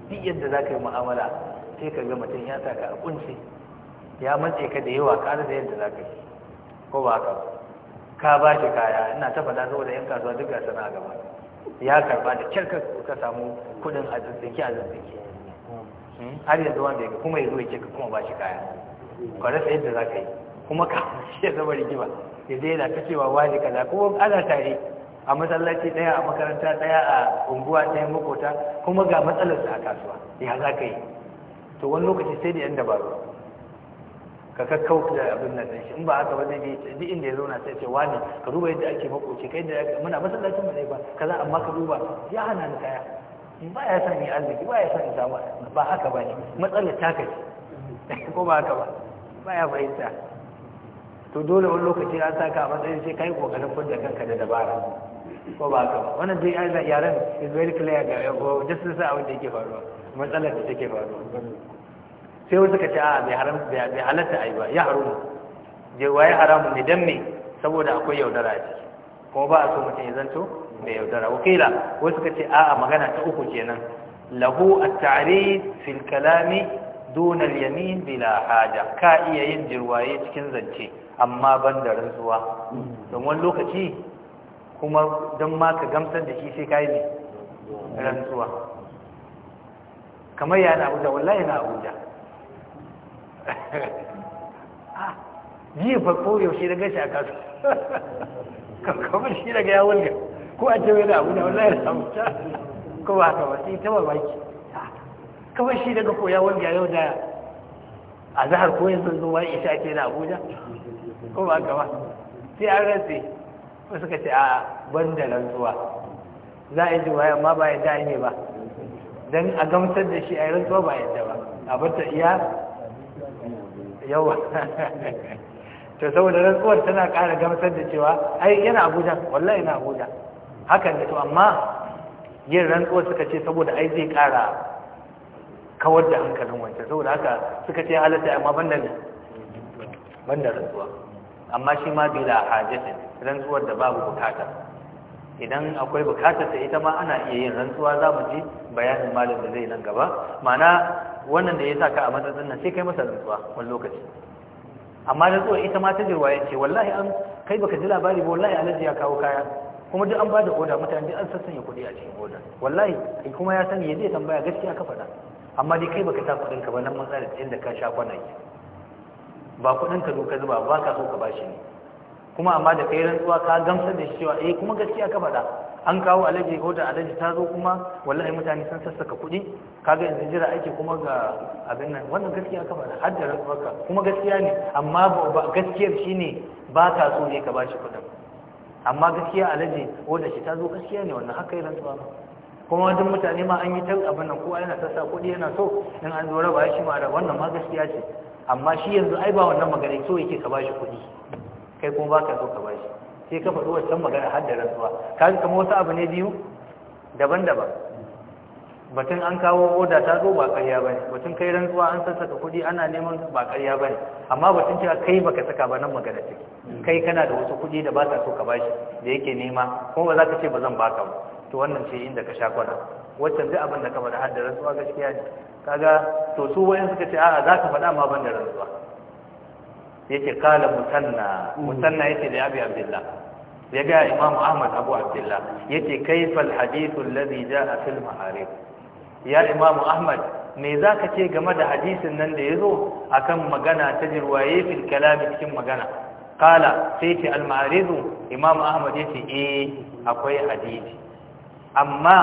[SPEAKER 1] duk yadda za ka yi mu'amala sai ka ga mutum ya sa ka a kunce ya matse ka da yawa ka da yadda za ka yi ko ba ba ka ba shi kaya ina ta faɗa saboda yan kasuwa duk gasa na gaba ya karba da kyar ka samu kudin a zazzaki a zazzaki hmm? har yanzu wanda ya kuma ya zo ya ce kuma ba shi kaya ka rasa yadda za ka yi kuma ka [laughs] shi ya zama rigima ya zai yana ta cewa wani kaza kuma ana tare a masallaci daya a makaranta daya a unguwa daya makota kuma ga matsalarsa a kasuwa ya za ka yi to wani lokaci sai da yan dabaru ka kakkau da abin nan shi in ba haka ba zai duk inda ya zauna sai ce wani ka duba yadda ake makoci kai da muna masallacin mu ne ba kaza amma ka duba ya hana ni kaya ba ya san ni arziki ba ya san ni samu ba haka ba ne matsalar ta kai ko ba haka ba ba ya fahimta to dole wani lokaci an saka a matsayin sai kai kokarin fudda kanka da dabara ko ba haka ba wannan dai yaran is very clear ga just sa abin da yake faruwa matsalar da take faruwa sai wasu ka ce a bai haram bai halatta ai ba ya haramu je waye haramu ne dan me saboda akwai yaudara a ciki kuma ba a so mutum ya zanto mai yaudara wakila wasu ka ce a magana ta uku kenan lahu a tare fil kalami duna yamin bila haja ka iya yin jirwaye cikin zance amma ban da rantsuwa don wani lokaci kuma don ma ka gamsar da shi sai ka yi ne rantsuwa kamar yana abuja wallahi na abuja [laughs] Jiya fa ko yaushe daga gashi a kasu [laughs] kamar shi daga ya wulga ko a ce wani abu da wallahi da ta ko ba haka ba sai ta baki kamar shi daga ko ya wulga yau da a zahar ko yanzu zuwa isa ke na abuja ko ba kama ba sai an rantse ko ka ce a banda rantsuwa za a yi yau ma ba yi ne ba don a gamsar da shi a yi rantsuwa ba yadda ba a bata iya yawa to saboda rantsuwar tana ƙara gamsar da cewa ai yana abuja wallahi yana abuja hakan da to amma yin rantsuwar suka ce saboda ai zai ƙara kawar da hankalin wancan saboda haka suka ce halatta amma banda ne banda rantsuwa amma shi ma bila hajjatin rantsuwar da babu bukata idan akwai bukata ta ita ma ana iya yin rantsuwa za mu ji bayanin malin da zai nan gaba mana wannan da ya sa ka a matsatsin nan sai kai masa rantsuwa wani lokaci amma tsohon ita ma ta jirwa ya ce wallahi an kai baka ji labari ba wallahi alaji ya kawo kaya kuma duk an ba da oda mutane duk an sassan ya kuɗi a cikin oda wallahi kuma ya sani ya zai tambaya gaskiya ka faɗa amma dai kai baka ta kuɗin ka ba nan matsala inda ka sha kwana yi. ba kuɗin ka zo ka zuba ba ka so ka bashi ne kuma amma da kai rantsuwa ka gamsar da shi cewa eh kuma gaskiya ka faɗa an kawo alaji hoda alaji ta zo kuma wallahi mutane sun sassaka kuɗi kaga yanzu jira ake kuma ga abin nan wannan gaskiya ka faɗa har da kuma gaskiya ne amma gaskiyar shine ba ka so ne ka bashi kuɗin amma gaskiya alaji hoda shi ta zo gaskiya ne wannan haka yi rantsuwa kuma wajen mutane ma an yi ta abin nan kowa yana sassa kuɗi yana so in an zo raba shi ma wannan ma gaskiya ce amma shi yanzu ai ba wannan magana so yake ka bashi kuɗi kai kuma ba ka so ka bashi sai ka faɗi wancan magana har da rantsuwa ka ji kamar wasu abu ne biyu daban-daban batun an kawo oda ta zo ba ƙarya ba ne batun kai rantsuwa an saka kuɗi ana neman ba ƙarya ba ne amma batun cewa kai ba ka saka ba nan magana ce kai kana da wasu kuɗi da ba ka so ka bashi da yake nema kuma ba za ka ce ba zan baka ba to wannan ce inda ka sha kwana wancan duk abin da ka faɗa har da rantsuwa gaskiya ne kaga to su wayan suka ce a'a za ka faɗa ma ban da rantsuwa yake kala musanna musanna yake da abi abdullah ya ga imam ahmad abu abdullah yace kaifal hadithu alladhi jaa fil ma'arif ya imam ahmad me zaka ce game da hadisin nan da yazo akan magana ta jirwaye fil kalami cikin magana qala sai ce al ma'aridu imam ahmad yace eh akwai hadisi amma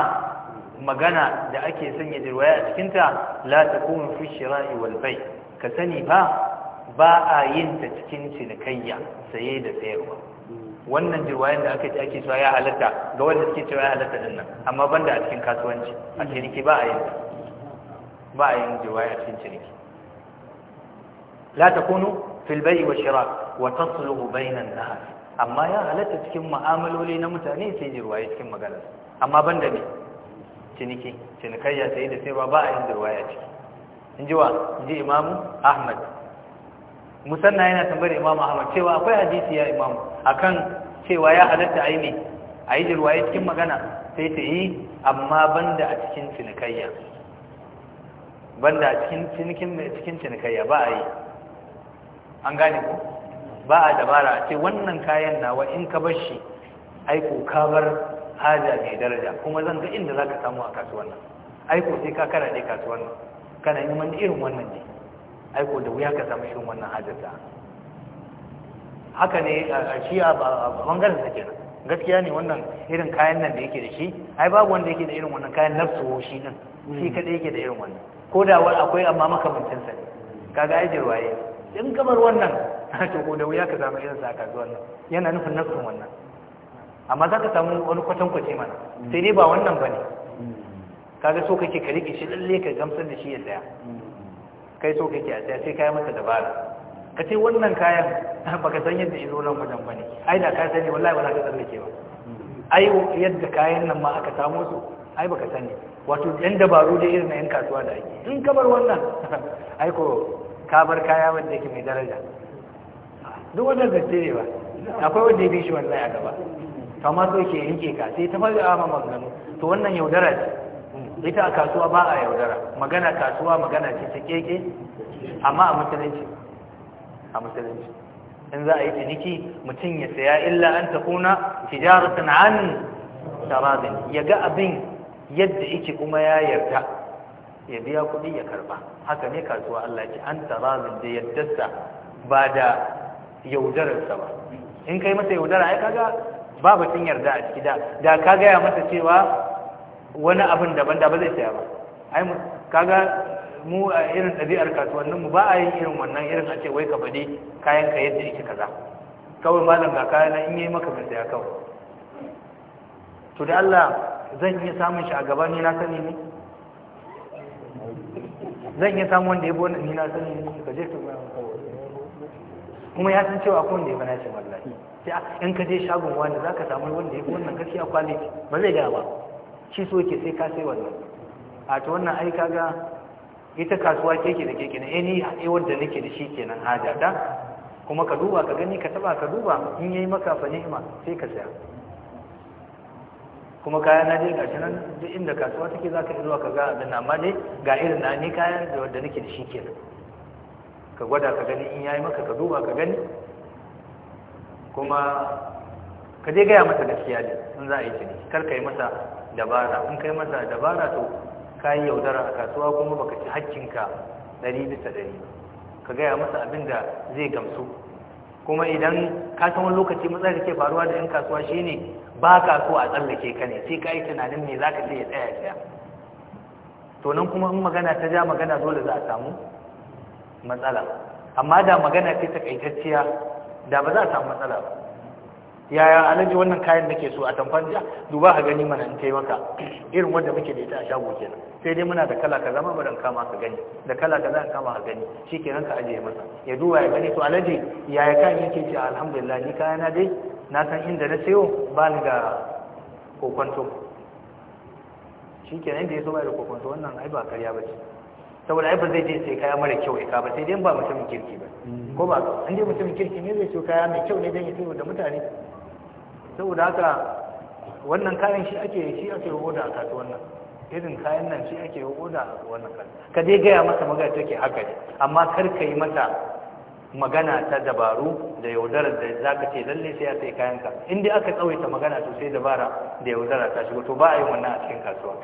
[SPEAKER 1] magana da ake sanya jirwaye a cikin ta la takunu fi shira'i wal bay ka sani ba ba a yin ta cikin cinikayya saye da sayarwa wannan jirwayen da aka ce ake cewa ya halatta ga wanda suke cewa ya halatta din nan amma banda a cikin kasuwanci a ciniki ba a yin ba a yin jirwaye a cikin ciniki la takunu fil bai'i wa shira wa tasluhu bainan nas amma ya halatta cikin mu'amaloli na mutane sai jirwaye cikin magana amma banda ne ciniki cinikayya sai da sai ba ba a yin jirwaye a ciki in ji wa in ji imamu ahmad musanna yana tambayar imamu ahmad cewa akwai hadisi ya imamu akan cewa ya halatta a yi ne a yi jirwaye cikin magana sai ta yi amma banda a cikin cinikayya banda a cikin cinikayya ba a yi an gane ku ba a dabara a ce wannan kayan nawa in ka bar shi aiko ka bar haja mai daraja kuma zan ga inda za ka samu a kasuwan nan aiko sai ka kara ne kasuwan nan kana neman irin wannan ne aiko da wuya ka samu irin wannan hajjata haka ne a shi a bangaren sa kenan gaskiya ne wannan irin kayan nan da yake da shi ai babu wanda yake da irin wannan kayan nafsu shi din shi hmm. kadai yake da irin wannan ko da wani akwai amma makamancin sa ne kaga ai waye in kamar wannan [laughs] to ko da wuya ka samu irin sa zo wannan yana nufin nafsu wannan amma za ka samu wani kwatankwace mana hmm. sai dai ba wannan ba ne kaga so kake ka rike shi lalle ka gamsar da shi ya hmm. kai so kake a tsaya sai ka yi masa dabara ka ce wannan kayan [laughs] ba ka san yadda izo nan wajen ne ai da ka sani wallahi ba za ka tsallake ba ai yadda kayan nan ma aka samu su ai ba ka sani wato yan dabaru da irin na yan kasuwa da ake in ka bar wannan [laughs] ai ko ka bar kaya wanda yake mai daraja duk wannan zance ne ba akwai wanda ya bishi shi wallahi a gaba to amma so ke yanke ka sai ta fara amma maganganu to wannan yaudara ce ita a kasuwa ba a yaudara magana kasuwa magana ce ta keke amma a mutunci a musulunci in za a yi ciniki mutum ya saya illa an ta kuna tijaratan an taradin ya ga abin yadda yake kuma ya yarda ya biya kuɗi ya karba haka ne kasuwa Allah ce an taradin da yaddarsa ba da yaudararsa ba in kai masa yaudara ai kaga ba batun yarda a ciki da da ka gaya masa cewa wani abin daban da ba zai saya ba ai kaga mu a irin ɗabi'ar kasuwannin mu ba a yin irin wannan irin a ce wai ka faɗi kayan ka yadda yake kaza kawai malam ga kayan in yi maka mai saya kawai to da Allah zan iya samun shi a gaba ni na sani ne zan iya samun wanda ya bi wannan ni na sani ne ka je ka kuma ya san cewa akwai wanda ya bana shi wallahi sai in ka je shagon wani za ka samu wanda ya bi wannan gaskiya kwaliti ba zai gaya ba shi so yake sai ka sai wannan a to wannan ai kaga ita kasuwa keke da keke na eni eh, haɗewar eh, da nake da shi kenan haja ta kuma ka duba ka gani ka taba ka duba in yayi maka fa ni'ima sai ka saya kuma kaya na je gashi nan duk inda kasuwa take za ka zuwa ka ga abin amma ne ga irin na ne kayan da wanda nake da shi nan ka gwada ka gani in yayi maka ka duba ka gani kuma ka je gaya masa gaskiya ne in za a yi ciniki kar ka yi masa dabara in kai masa dabara to kayan yaudara a kasuwa kuma baka ci hakkinka ɗari bisa ɗari ka gaya masa abin da zai gamsu kuma idan ka san wani lokaci matsalar da ke faruwa da 'yan kasuwa shine ba ka so a tsallake ka ne sai ka yi tunanin me za ka ce ya tsaya tsaya to nan kuma in magana ta ja magana dole za a samu matsala amma da magana ce takaitacciya da ba za a samu matsala ba yaya alaji wannan kayan nake so a tamfan jiya duba a gani mana in taimaka irin wanda muke da ita a shago kenan sai dai muna da kala kaza ma bari kama ka gani da kala kaza zama kama ka gani shikenan ka ajiye masa ya duba ya gani to alaji yaya kayan yake ce alhamdulillah ni kaya na dai na san inda na sayo ba ni ga kokonto shikenan da ya so ba da kokonto wannan ai ba karya ba ce saboda ai ba zai je sai kaya mara kyau ya ka ba sai dai ba mutumin kirki ba ko ba an je mutumin kirki ne zai so kaya mai kyau ne dan ya tsoro da mutane saboda haka wannan kayan shi ake shi ake hoda a kasu wannan irin kayan nan shi ake hoda a wannan kasu ka dai gaya masa magana take haka ne amma kar ka yi mata magana ta dabaru da yaudarar da za ka ce lalle sai a sai kayanka in dai aka tsawaita magana to sai dabara da yaudara ta shigo to ba a yi wannan a cikin kasuwa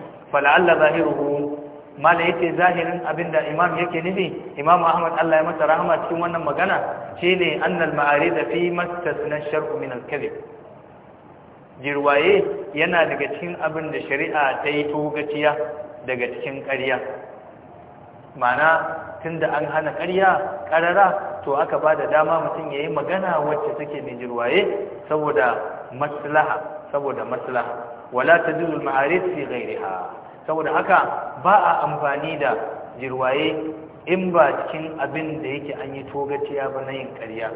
[SPEAKER 1] Allah zahiruhu mala yace zahirin abinda imam yake nufi imam ahmad Allah ya masa rahama cikin wannan magana shine annal ma'arid fi mastasna shar'u min al-kadhib jirwaye yana daga cikin abin da shari'a ta yi togaciya daga cikin ƙarya mana tun da an hana ƙarya ƙarara to aka ba da dama mutum ya yi magana wacce take mai jirwaye saboda maslaha saboda matsalaha wala ta jizul ma'arif fi ha saboda haka ba a amfani da jirwaye in ba cikin abin da yake an yi togaciya ba na yin ƙarya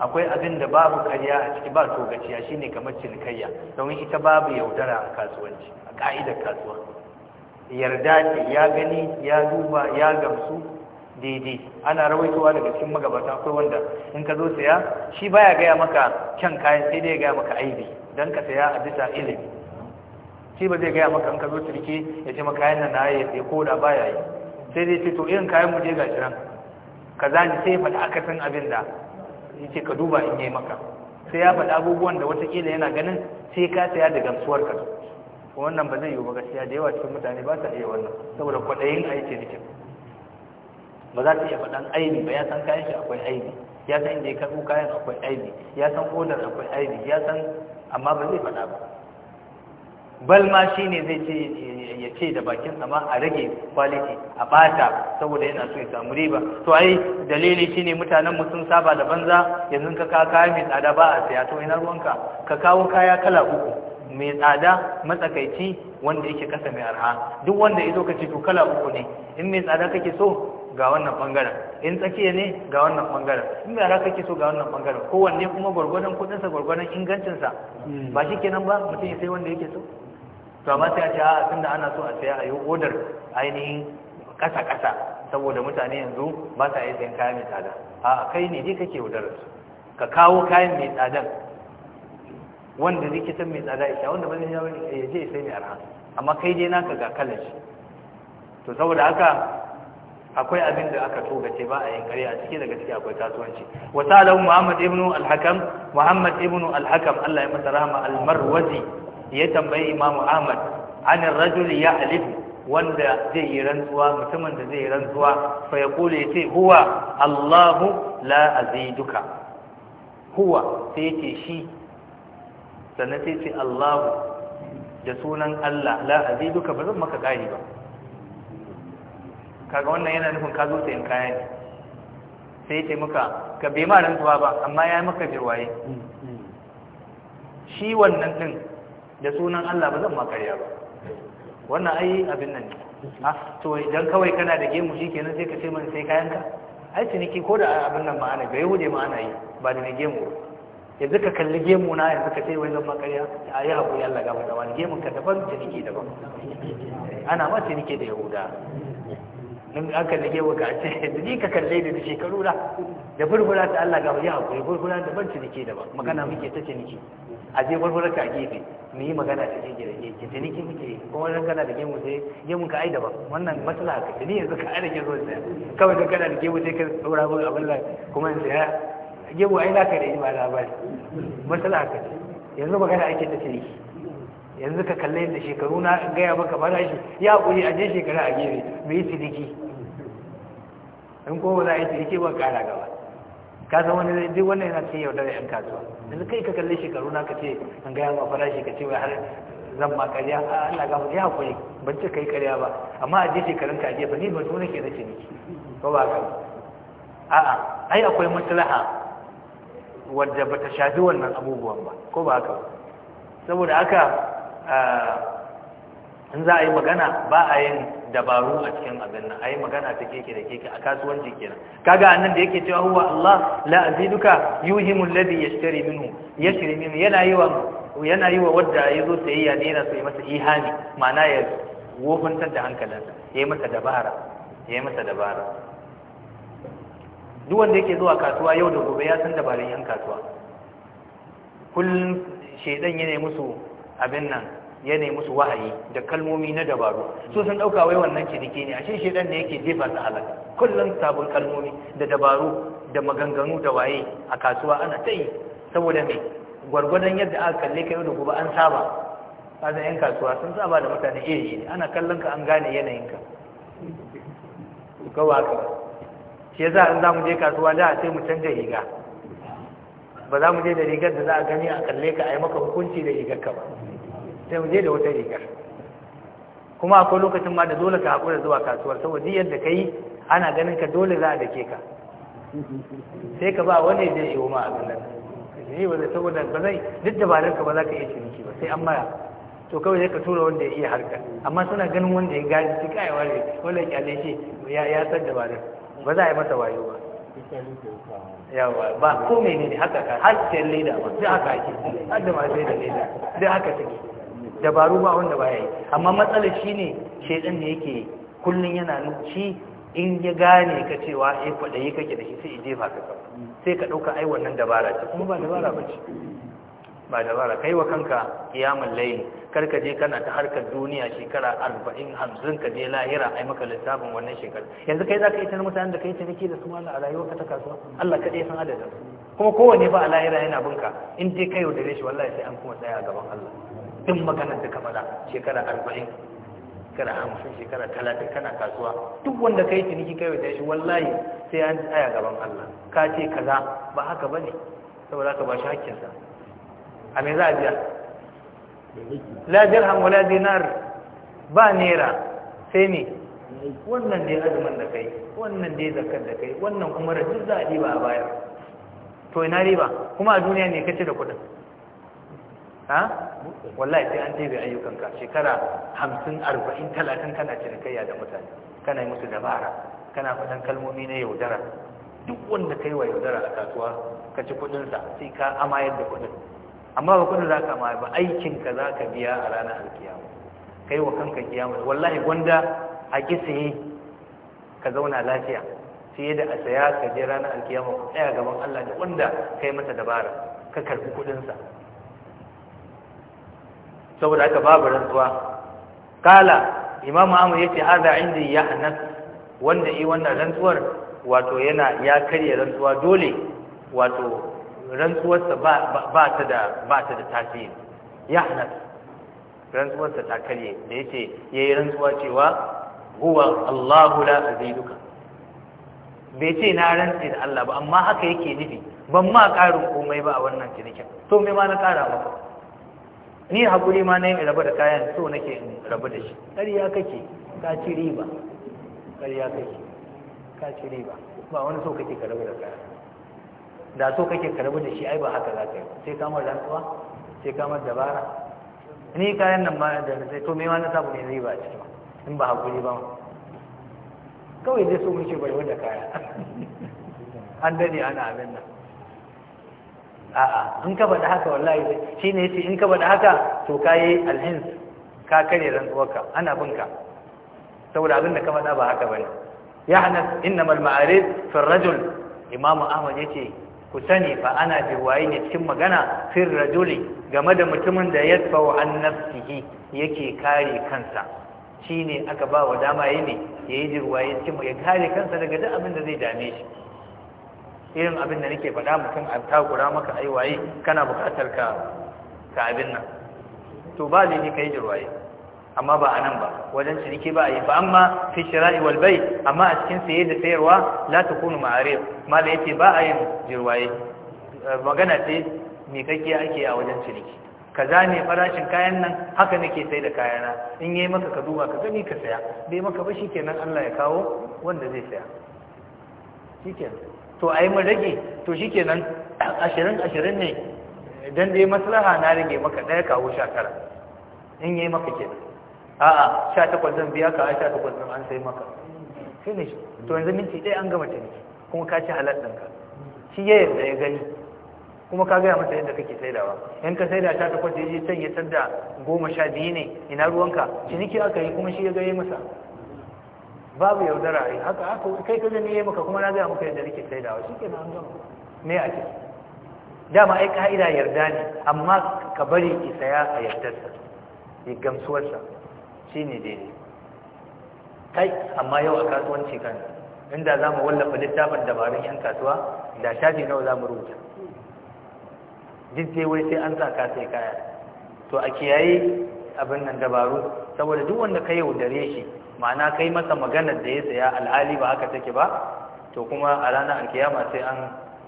[SPEAKER 1] akwai abin da babu karya a ciki ba togaciya shine kamar cinikayya domin ita babu yaudara a kasuwanci a ka'idar kasuwa yarda ce ya gani ya duba ya gamsu daidai ana rawaitowa daga cikin magabata akwai wanda in ka zo saya shi baya gaya maka kyan kayan sai dai ya gaya maka aibi don ka saya a bisa ilimi shi ba zai gaya maka in ka zo cirki ya ce maka kayan nan na ya ko da baya yi sai dai ce to irin kayan mu je ga shirin kaza ne sai faɗi akasin abin da yace ka duba in yi maka sai ya faɗi abubuwan da watakila yana ganin sai ka saya da gamsuwar ka wannan ba zai yiwu ba gaskiya da yawa cikin mutane ba sa iya wannan saboda kwaɗayin a ne ba za ta iya faɗan aibi ba ya san kayan shi akwai aibi ya san inda ya karɓo kayan akwai aibi ya san odar akwai aibi ya san amma ba zai faɗa ba bal ma ne zai ce ya ce da bakin amma a rage kwaliti a bata saboda yana so ya samu riba to ai dalili shine mutanen mu sun saba da banza yanzu ka ka kaya mai tsada ba a siya to ina ruwanka ka kawo kaya kala uku mai tsada matsakaici wanda yake kasa mai arha duk wanda ya zo ka ce to kala uku ne in mai tsada kake so ga wannan bangaren in tsakiya ne ga wannan bangaren in mai arha kake so ga wannan bangaren kowanne kuma gwargwadon kudinsa gwargwadon ingancinsa hmm. ba shi kenan ba mutum ya sai wanda yake so to amma sai a ce a tunda ana so a saya a yi odar ainihin kasa-kasa saboda mutane yanzu ba sa yin sayan kaya mai tsada a kai ne dai kake odar su ka kawo kayan mai tsadan wanda zai kitan mai tsada isha wanda ba zai ya je sai mai arha amma kai dai na ga kalan shi to saboda haka akwai abin da aka ce ba a yin kare a ciki daga ciki akwai kasuwanci wasalahu muhammad ibnu al-hakam muhammad ibn al-hakam Allah ya masa rahama al-marwazi ya tambayi imamu ahmad anin rajul ya alif wanda zai yi rantsuwa mutumin da zai yi rantsuwa fa ya kula ya ce huwa allahu la aziduka huwa sai ce shi sannan sai ce allahu da sunan allah la aziduka ba zan maka kari ba kaga wannan yana nufin ka zo sayan kaya ne sai ce maka ka bai ma rantsuwa ba amma ya maka jirwaye mm, mm. shi wannan din da sunan Allah ba zan ma karya ba wannan ai abin nan ne to idan kawai kana da gemu shi kenan sai ka ce mana sai kayan ka ai ciniki ko da abin nan ma'ana ga yahude ma ana yi ba da mai gemu yanzu ka kalli gemu na yanzu ka ce wai zan ma karya a yi haƙuri Allah ga mata wani gemu ka daban ciniki daban ana ma ciniki da yahuda in aka nage waka a ce da ni ka kalle da shekaru na da furfura ta Allah ga mu ya hakuri furfura da ban ciniki da ba magana muke ta ciniki a je furfura ka gefe mu yi magana ta gefe da gefe ciniki muke kuma wani kana da gemu sai gemun ka ai da ba wannan matsala ka ni yanzu ka aike zo sai kawai da kana da gemu sai ka dora mu abin da kuma yanzu ya gemu ai naka da ima labari matsala ka yanzu magana ake ta ciniki yanzu ka kalle da shekaru na gaya maka shi ya kuri a je shekara a gefe mu yi ciniki in ko za a yi ba kara gaba ka san wani zai duk wannan yana cikin yaudar yan kasuwa yanzu kai ka kalli shekaru na ka ce an gaya ma farashi ka ce wai har zan ma karya a Allah ga ya hakuri ban ce kai karya ba amma a je shekarun ka gefe ni ban tuna ke na ciniki ko ba ka a'a ai akwai maslaha wadda ba ta shafi wannan abubuwan ba ko ba ka saboda haka in za a yi magana ba a yin dabaru a cikin abin nan ai magana ta keke da keke a kasuwanci kenan kaga annan da yake cewa huwa Allah la aziduka yuhimul ladhi yashtari minhu yashri minhu yana yi wa yana yi wa wanda yazo zo sai ya so sai masa ihani ma'ana ya wofantar da hankalinsa yayi masa dabara yayi masa dabara duk wanda yake zuwa kasuwa yau da gobe ya san dabarun yan kasuwa kullum shedan yana musu abin nan yanayi musu wahayi da kalmomi na dabaru su sun dauka wai wannan ciniki ne a shi shedan ne yake jefa ta halaka kullum sabon kalmomi da dabaru da maganganu da waye a kasuwa ana ta yi saboda mai gwargwadon yadda aka kalle ka yau da gobe an saba kaza yan kasuwa sun saba da mutane iri ne ana kallon ka an gane yanayinka gawa aka shi yasa in za mu je kasuwa da sai mu canja riga ba za mu je da rigar da za a gani a kalle ka a yi maka hukunci da rigar ka ba sai waje da wata rigar kuma akwai lokacin ma da dole ka haƙura zuwa kasuwar saboda yadda ka yi ana ganin ka dole za a dake ka sai ka ba wani zai yi ma abin nan ne wanda saboda ba zai duk dabararka ba za ka iya ciniki ba sai an mara to kawai zai ka tura wanda ya iya harkar amma suna ganin wanda ya gani su kai wani wanda ya kyale shi ya san dabarar ba za a yi masa wayo ba yawa ba ko ne haka ka har sai leda ba sai haka ake har da ma sai da leda duk haka take dabaru ba wanda baya yi amma matsalar ne shaidan da yake kullum yana nuci in ya gane ka cewa eh yi kake da shi sai ije ba kasa sai ka ɗauka ai wannan dabara ce kuma ba dabara ba ce ba dabara kai wa kanka kiyamun layl kar ka je kana ta harkar duniya shekara arba'in hamsin ka je lahira ai maka lissafin wannan shekara yanzu kai za ka yi ta mutanen da ka kai ciniki da su mallan a ka ta kasuwa Allah ɗaya san adadin kuma kowane ba a lahira yana bunka in dai kai da shi wallahi sai an kuma tsaya a gaban Allah duk maganar da ka shekara arba'in shekara hamsin shekara talatin kana kasuwa duk wanda ka yi ciniki kai wata shi wallahi sai an tsaya gaban Allah ka ce kaza ba haka ba ne saboda ka ba shi hakkinsa a me za a biya la dirham wala dinar ba naira sai ne wannan dai azumin da kai wannan dai zakar da kai wannan kuma rajin za a diba a bayar to ina riba kuma a duniya ne kace da kuɗin ha wallahi sai an tebe ayyukanka shekara hamsin arba'in talatin kana cinikayya da mutane kana yi musu dabara kana faɗan kalmomi na yaudara duk wanda kai wa yaudara a kasuwa ka ci kuɗinsa sai ka amayar da kuɗin amma ba kuɗin za ka ma ba aikinka za ka biya a ranar alkiyama kai wa kanka kiyama wallahi gwanda a kisiye ka zauna lafiya sai da a saya ka je ranar alkiyama ku tsaya gaban Allah da wanda kai masa dabara ka karbi kuɗinsa saboda haka babu rantsuwa kala imam amur yace hada inda ya anas wanda yi wannan rantsuwar wato yana ya karya rantsuwa dole wato rantsuwarsa ba ba ta da ba ta da tasiri ya anas rantsuwarsa ta karye da yace yayi rantsuwa cewa huwa Allahu la aziduka bai ce na rantsi da Allah ba amma haka yake nufi ban ma karin komai ba a wannan cinikin to me ma na kara maka ni haƙuri ma na yin rabu da kayan so nake in rabu da shi ƙarya kake ka ci riba ƙarya kake ka ci riba ba wani so kake ka rabu da kayan da so kake ka rabu da shi ai ba haka za ka yi sai kamar rantsuwa sai kamar dabara ni kayan nan ba da sai to me ma na samu ne riba a ciki in ba haƙuri ba kawai dai so muke bai wanda kaya [laughs] an dade ana abin nan a'a in ka faɗa haka wallahi shi ne yace in ka faɗa haka to ka yi alhins ka kare rantsuwarka ana bin saboda abin ka faɗa ba haka bane ya hana innamal ma'arif fi rajul imam ahmad yace ku sani fa ana wayi ne cikin magana fi rajuli game da mutumin da ya tsawo an nafsihi yake kare kansa shine aka ba wa dama yi ne yayi jirwaye cikin ya kare kansa daga duk abin da zai dame shi irin abin da nake faɗa mutum a guda maka aiwaye kana buƙatar ka ka abin nan to ba ne kai jirwaye amma ba a nan ba wajen ciniki ba a yi ba amma fi shira'i wal bai amma a cikin saye da sayarwa la kunu ma'arif mala yace ba a yin jirwaye magana ce me kake ake a wajen ciniki za ne farashin kayan nan haka nake sai da kayana in yayi maka ka duba ka gani ka saya bai maka ba shikenan Allah ya kawo wanda zai saya shikenan to a yi mun rage to shi shikenan ashirin ashirin ne idan dai maslaha na rage maka ɗaya kawo sha tara in yi maka kenan a'a sha takwas zan biya ka a sha takwas zan an sai maka finish to yanzu minti ɗaya an gama ciniki kuma ka ci halar ɗanka shi ya yarda ya gani kuma ka gaya masa yadda kake saidawa yan ka saida sha takwas ya je can ya tadda goma sha biyu ne ina ruwanka ciniki aka yi kuma shi ya gaya masa babu yaudara a yi haka haka kai ka zane maka kuma na gaya maka yadda sai dawa shi ke nan an gama me a ciki dama ai ka'ida yarda ne amma ka bari ki saya a yardarsa ya gamsuwarsa shi ne daidai kai amma yau a kasuwanci kan inda za mu wallafa littafin dabarun yan kasuwa da shafi nawa za mu rubuta duk dai wai sai an sa ka sai kaya to a kiyaye abin nan dabaru saboda duk wanda ka yaudare shi ma'ana kai masa maganar da ya saya alhali ba haka take ba to kuma a ranar alkiyama sai an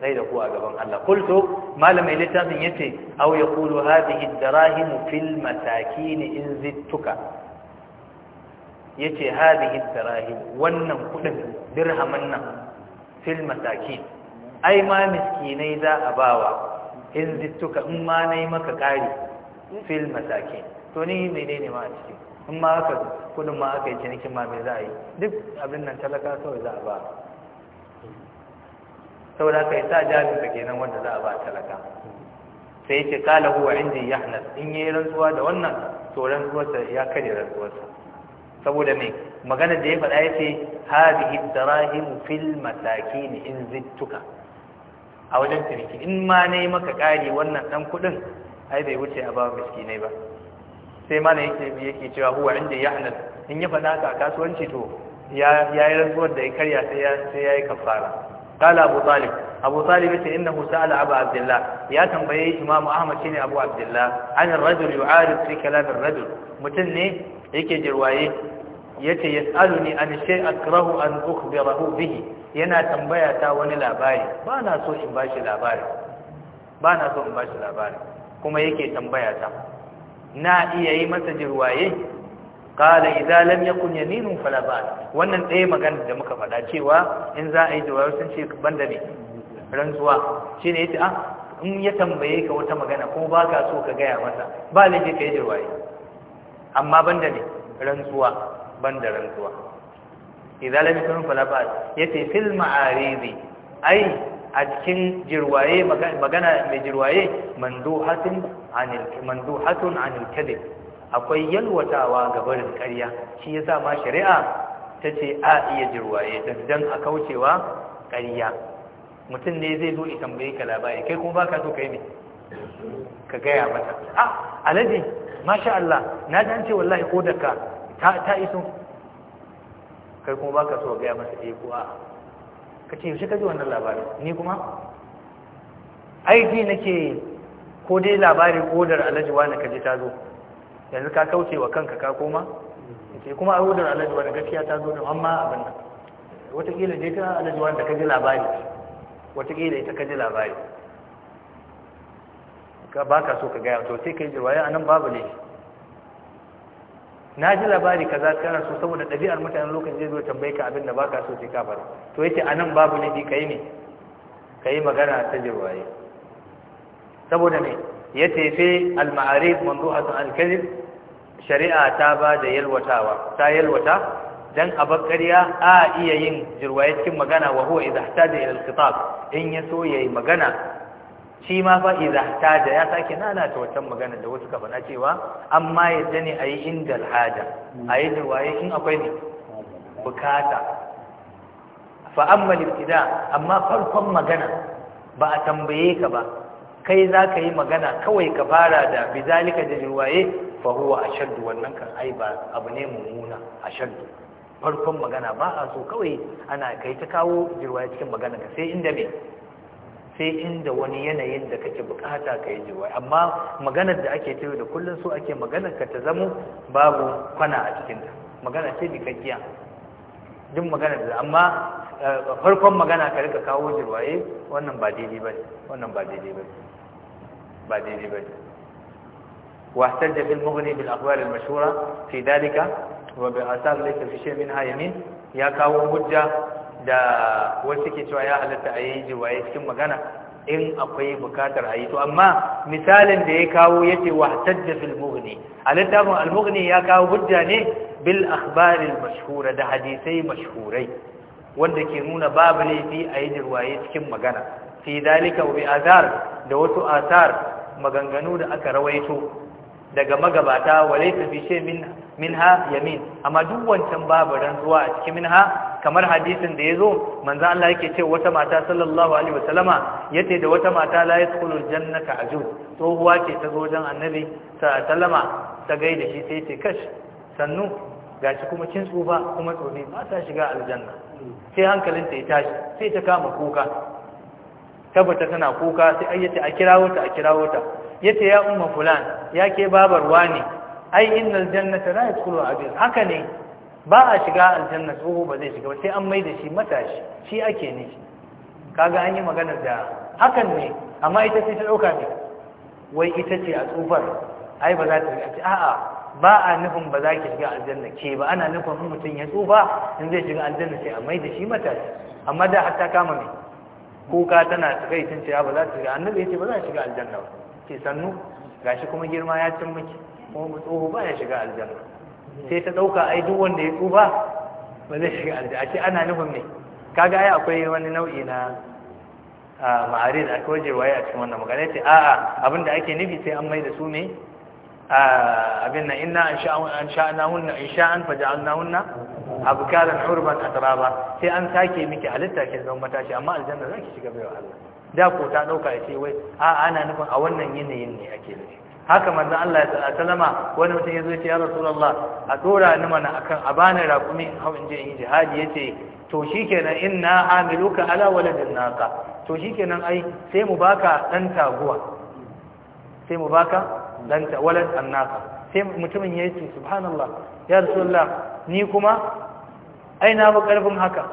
[SPEAKER 1] sai da ku a gaban Allah kulto malamai littafin yace aw yaqulu hadhihi ad-darahim fil masakin in zittuka yace hadhihi ad-darahim wannan kudin dirhaman nan fil masakin ai ma miskinai za a bawa in zittuka in ma nai maka kari fil masakin to ni menene ma a cikin in ma aka kudin ma aka yi cinikin ma mai za a yi duk abin nan talaka kawai za a ba saboda ka yi sa ke kenan wanda za a ba talaka sai ce kala huwa ya hana in yi rantsuwa da wannan to rantsuwarsa ya kare rantsuwarsa saboda me magana da ya faɗa ya ce, hadhihi hidarahim fil ne in zittuka a wajen ciniki in ma ne maka kari wannan ɗan kuɗin? ai bai wuce a ba miskinai ba sai mana yake yake cewa huwa inda yahnas in ya faɗa ka kasuwanci to ya yi rantsuwar da ya karya sai ya sai yayi kafara qala abu talib abu talib yace innahu sa'ala abu abdullah ya tambaye imam ahmad shine abu abdullah an ar-rajul yu'arid fi kalam ar-rajul mutun ne yake jirwaye yace yas'aluni an shay akrahu an ukhbirahu bihi yana tambaya ta wani labari ba na so in bashi labari ba na so in bashi labari kuma yake tambaya ta na iya yi masa jirwaye kala idan lam yakun yaminu fala ba wannan ɗaya magana da muka faɗa cewa in za a yi jirwaye sun ce banda ne rantsuwa shine yace a? Ah, in ya tambaye ka wata magana ko baka so ka gaya masa ba laifi kai jirwaye amma banda ne rantsuwa banda rantsuwa idan lam yakun fala ba yace fil ma'aridi ai a cikin jirwaye magana mai jirwaye Mandu, Hatun, manduhatun anil akwai yalwatawa ga barin ƙarya shi ya ma shari'a ta ce a iya jirwaye dan a kaucewa karya? mutum ne zai zo ita tambaye ka kai kuma baka so kai ne ka gaya mata A alaji masha Allah na ji an ce wallahi kodarka ta ta iso kai kuma baka so ga ya masa eh ko a? ka ce yaushe ka ji wannan labari ni kuma aiki nake ko dai labarin odar alhaji wani ka ji ta zo yanzu ka kauce wa kanka ka koma ce kuma a odar alhaji wani gaskiya ta zo da amma abin nan watakila dai ta alhaji wani da ka ji labari watakila ita ka ji labari ka ba ka so ka gaya to sai ka yi jirwaya a nan babu ne na ji labari kaza kana so saboda ɗabi'ar mutanen lokacin zai zo tambaye ka abin da baka so sai ka faɗa to yace nan babu ne kai ne magana ta jirwaye saboda me ya fi al-ma'arif a al-kadhib shari'a ta ba da yalwatawa ta yalwata dan abakariya a iya yin jirwaye cikin magana wa huwa idha ihtaja ila al-khitab in ya yayi magana shi ma fa ta da ya sake nanata wancan magana da wasu kafa na cewa amma yadda ne a yi inda al'ada a yi waye in akwai ne bukata fa amma amma farkon magana ba a tambaye ka ba kai za ka yi magana kawai ka fara da bizalika da waye fa huwa shaddu wannan kan ai ba abu ne mummuna a shaddu farkon magana ba a so kawai ana kai ta kawo jirwaye cikin magana ka sai inda me sai inda wani yanayin da kake bukata ka yi jiwa amma maganar da ake cewa da kullum so ake maganar ka ta zamo babu kwana a cikinta magana ce bikakkiya duk maganar da amma eh, farkon magana ka rika kawo jirwaye wannan ba daidai ba wannan ba daidai ba ba daidai ba واحتج al mashhura fi dalika wa bi asar laysa fi shay min hayamin ya kawo hujja da wasu ke cewa ya halatta a yi jiwaye cikin magana in akwai bukatar a yi to amma misalin da ya kawo ya ce wahtajja fil mughni a littafin ya kawo hujja ne bil akhbaril mashhura da hadisai mashhurai wanda ke nuna babu laifi a yi jirwaye cikin magana fi dalika wa bi azar da wasu asar maganganu da aka rawaito daga magabata wale ta fi she minha yamin amma duk wancan babu zuwa a cikin minha kamar hadisin da ya zo manzan Allah yake ce wata mata sallallahu alaihi wasallama yace da wata mata la yadkhulul jannata ajur tsohuwa ce ta zo wajen annabi sallama ta gaida shi sai ce kash sannu gashi kuma kin tsufa kuma tsofi ba ta shiga aljanna sai hankalinta ya tashi sai ta kama kuka tabbata tana kuka sai ayyace a kirawo ta a kirawo ta yace ya umma fulan ya ke babar wani ai innal jannata la yadkhulu abid haka ne ba a shiga aljanna tsoho ba zai shiga ba sai an mai da shi matashi shi ake ne kaga an yi magana da hakan ne amma ita sai ta dauka ne wai ita ce a tsufar ai ba za ta shiga a'a ba a nufin ba za ki shiga aljanna ke ba ana nufin mutum ya tsufa in zai shiga aljanna sai a mai da shi matashi amma da hatta kama ne kuka tana tun cewa ba za ta shiga annabi ya ce ba za ta shiga aljanna ba ce sannu gashi kuma girma ya cin miki kuma tsoho ba ya shiga aljanna sai ta ɗauka ai duk wanda ya tsufa ba zai shiga aljanna A ce ana nufin me kaga ai akwai wani nau'i na ma'arid a kawaje waye a cikin wannan magana ce a'a abin da ake nufi sai an mai da su ne abin na inna an na hunna in an na hunna abkaran urban atraba sai an sake miki halitta ke zama matashi amma aljanna zaki shiga baiwa Allah da ko ta dauka ya ce wai a ana nufin a wannan yanayin ne ake nufi haka manzon Allah ya sallama wani mutum ya zo ya ce ya rasulullah a dora ni mana akan a bani raƙumi hau in je in jihadi yace to shikenan inna amiluka ala waladin naqa to shikenan ai sai mu baka dan taguwa sai mu baka dan walad annaka sai mutumin yace subhanallah ya rasulullah ni kuma ai na ba karfin haka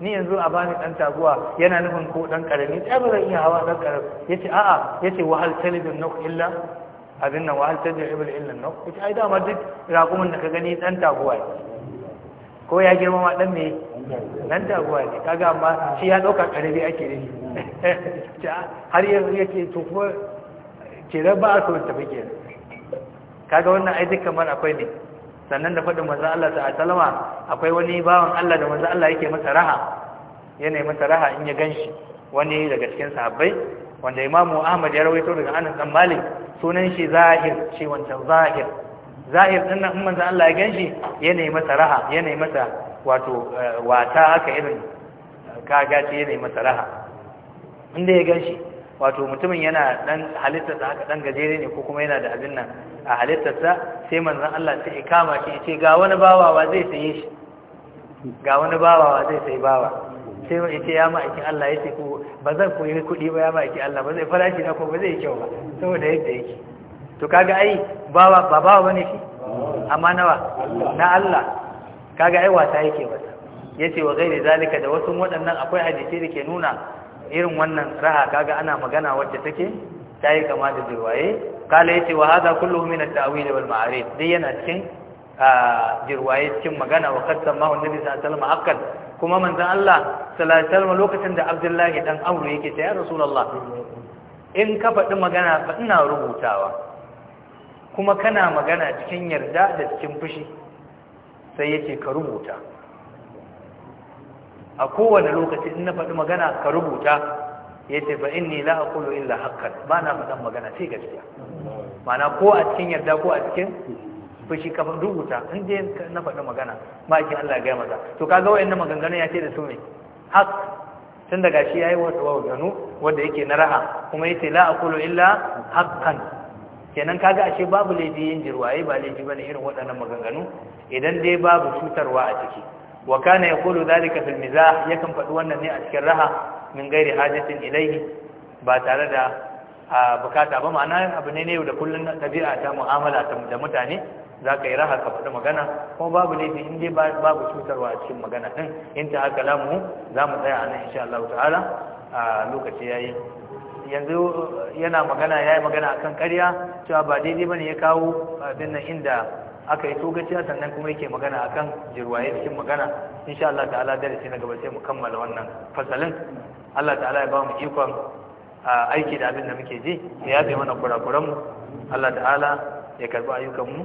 [SPEAKER 1] ni yanzu a bani dan taguwa yana nufin ko dan karami ai ba zan iya hawa dan karami yace a'a yace ce wahal talibun nuk illa abin nan wahal hal illa nuk yace ai dama duk raƙumin da ka gani dan taguwa ne. ko ya girma ma dan me dan taguwa ne kaga amma shi ya dauka karami ake da [laughs] shi har yanzu ce to kuma ke ba a so tafi Ka kaga wannan ai duk kamar akwai ne sannan da faɗin maza Allah ta asalama akwai wani bawan Allah da maza Allah yake masa raha yanayi masa raha in ya ganshi wani daga cikin sahabbai wanda imamu Ahmad ya rawaito daga anan dan Malik sunan shi Zahir shi wancan Zahir Zahir din nan manzo Allah ya ganshi yanayi masa raha yanayi masa wato eh, wata haka irin ga shi yanayi masa raha inda ya ganshi wato mutumin yana dan halitta haka dan gajere ne ko kuma yana da abin nan a halittarsa sai manzan Allah sai ya kama shi ya ce ga wani bawawa zai saye shi ga wani bawawa zai sayi bawa sai ya ce ya ma'aikin Allah ya ce ko ba zan koyi kuɗi ba ya ma'aikin Allah ba zai farashi na ko ba zai kyau ba saboda yadda yake to kaga ai bawa ba bawa bane shi amma nawa na Allah kaga ai wata yake Ya yace wa gairi zalika da wasu waɗannan akwai hadisi da ke nuna irin wannan raha kaga ana magana wacce take ta yi kama da jiwaye kala ya wa wahaza kullum min at-ta'wil wal ma'arif dai yana cikin jirwaye cikin magana wa qad samahu annabi sallallahu alaihi wasallam kuma manzon Allah sallallahu alaihi wasallam lokacin da Abdullahi dan Amru yake ta ya Rasulullah in ka faɗi magana fa ina rubutawa kuma kana magana cikin yarda da cikin fushi sai yace ka rubuta a kowane lokaci in na faɗi magana ka rubuta ya ce fa inni la aqulu illa haqqan ba na faɗan magana sai gaskiya Ma'ana ko a cikin yarda ko a cikin fushi ka rubuta in dai na faɗi magana ba ki Allah ga masa to kaga wayannan maganganun ya ce da su ne haq tun daga shi yayi wasu waganu wanda yake na raha kuma yace la aqulu illa haqqan kenan kaga ashe babu laifi yin jirwaye ba laifi bane irin waɗannan maganganu idan dai babu cutarwa a ciki wa kana yaqulu dhalika fil mizah yakan faɗi wannan ne a cikin raha min gairi hajjatin ilaihi ba tare da bukata ba ma'ana abu ne ne da kullun ɗabi'a ta mu'amala ta da mutane za ka yi raha ka faɗi magana kuma babu laifi in dai babu cutarwa a cikin magana ɗin in ta haka lamu za mu tsaya a nan insha Allah ta'ala a lokaci ya yi yanzu uh, yana magana ya yi magana akan ƙarya cewa ba daidai ba ne ya kawo abin nan inda aka yi togaciya sannan kuma yake magana akan jirwaye cikin magana insha Allah ta'ala darasi na gaba sai mu kammala wannan fasalin Allah ta'ala ya ba mu ikon aiki da abin da muke ji ya yabe mana kurakuran mu Allah ta'ala ya karbi ayyukan mu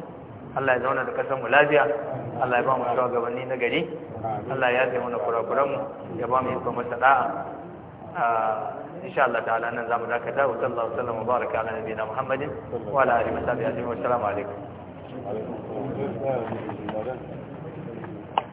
[SPEAKER 1] Allah ya zauna da kasan mu lafiya Allah ya ba mu gabanni na gari Allah ya yafe mana kurakuran mu ya ba mu ikon masa da'a إن شاء الله تعالى أننا نزام ذاك وصلى الله وسلم وبارك على نبينا محمد وعلى آله وصحبه أجمعين والسلام عليكم Thank you.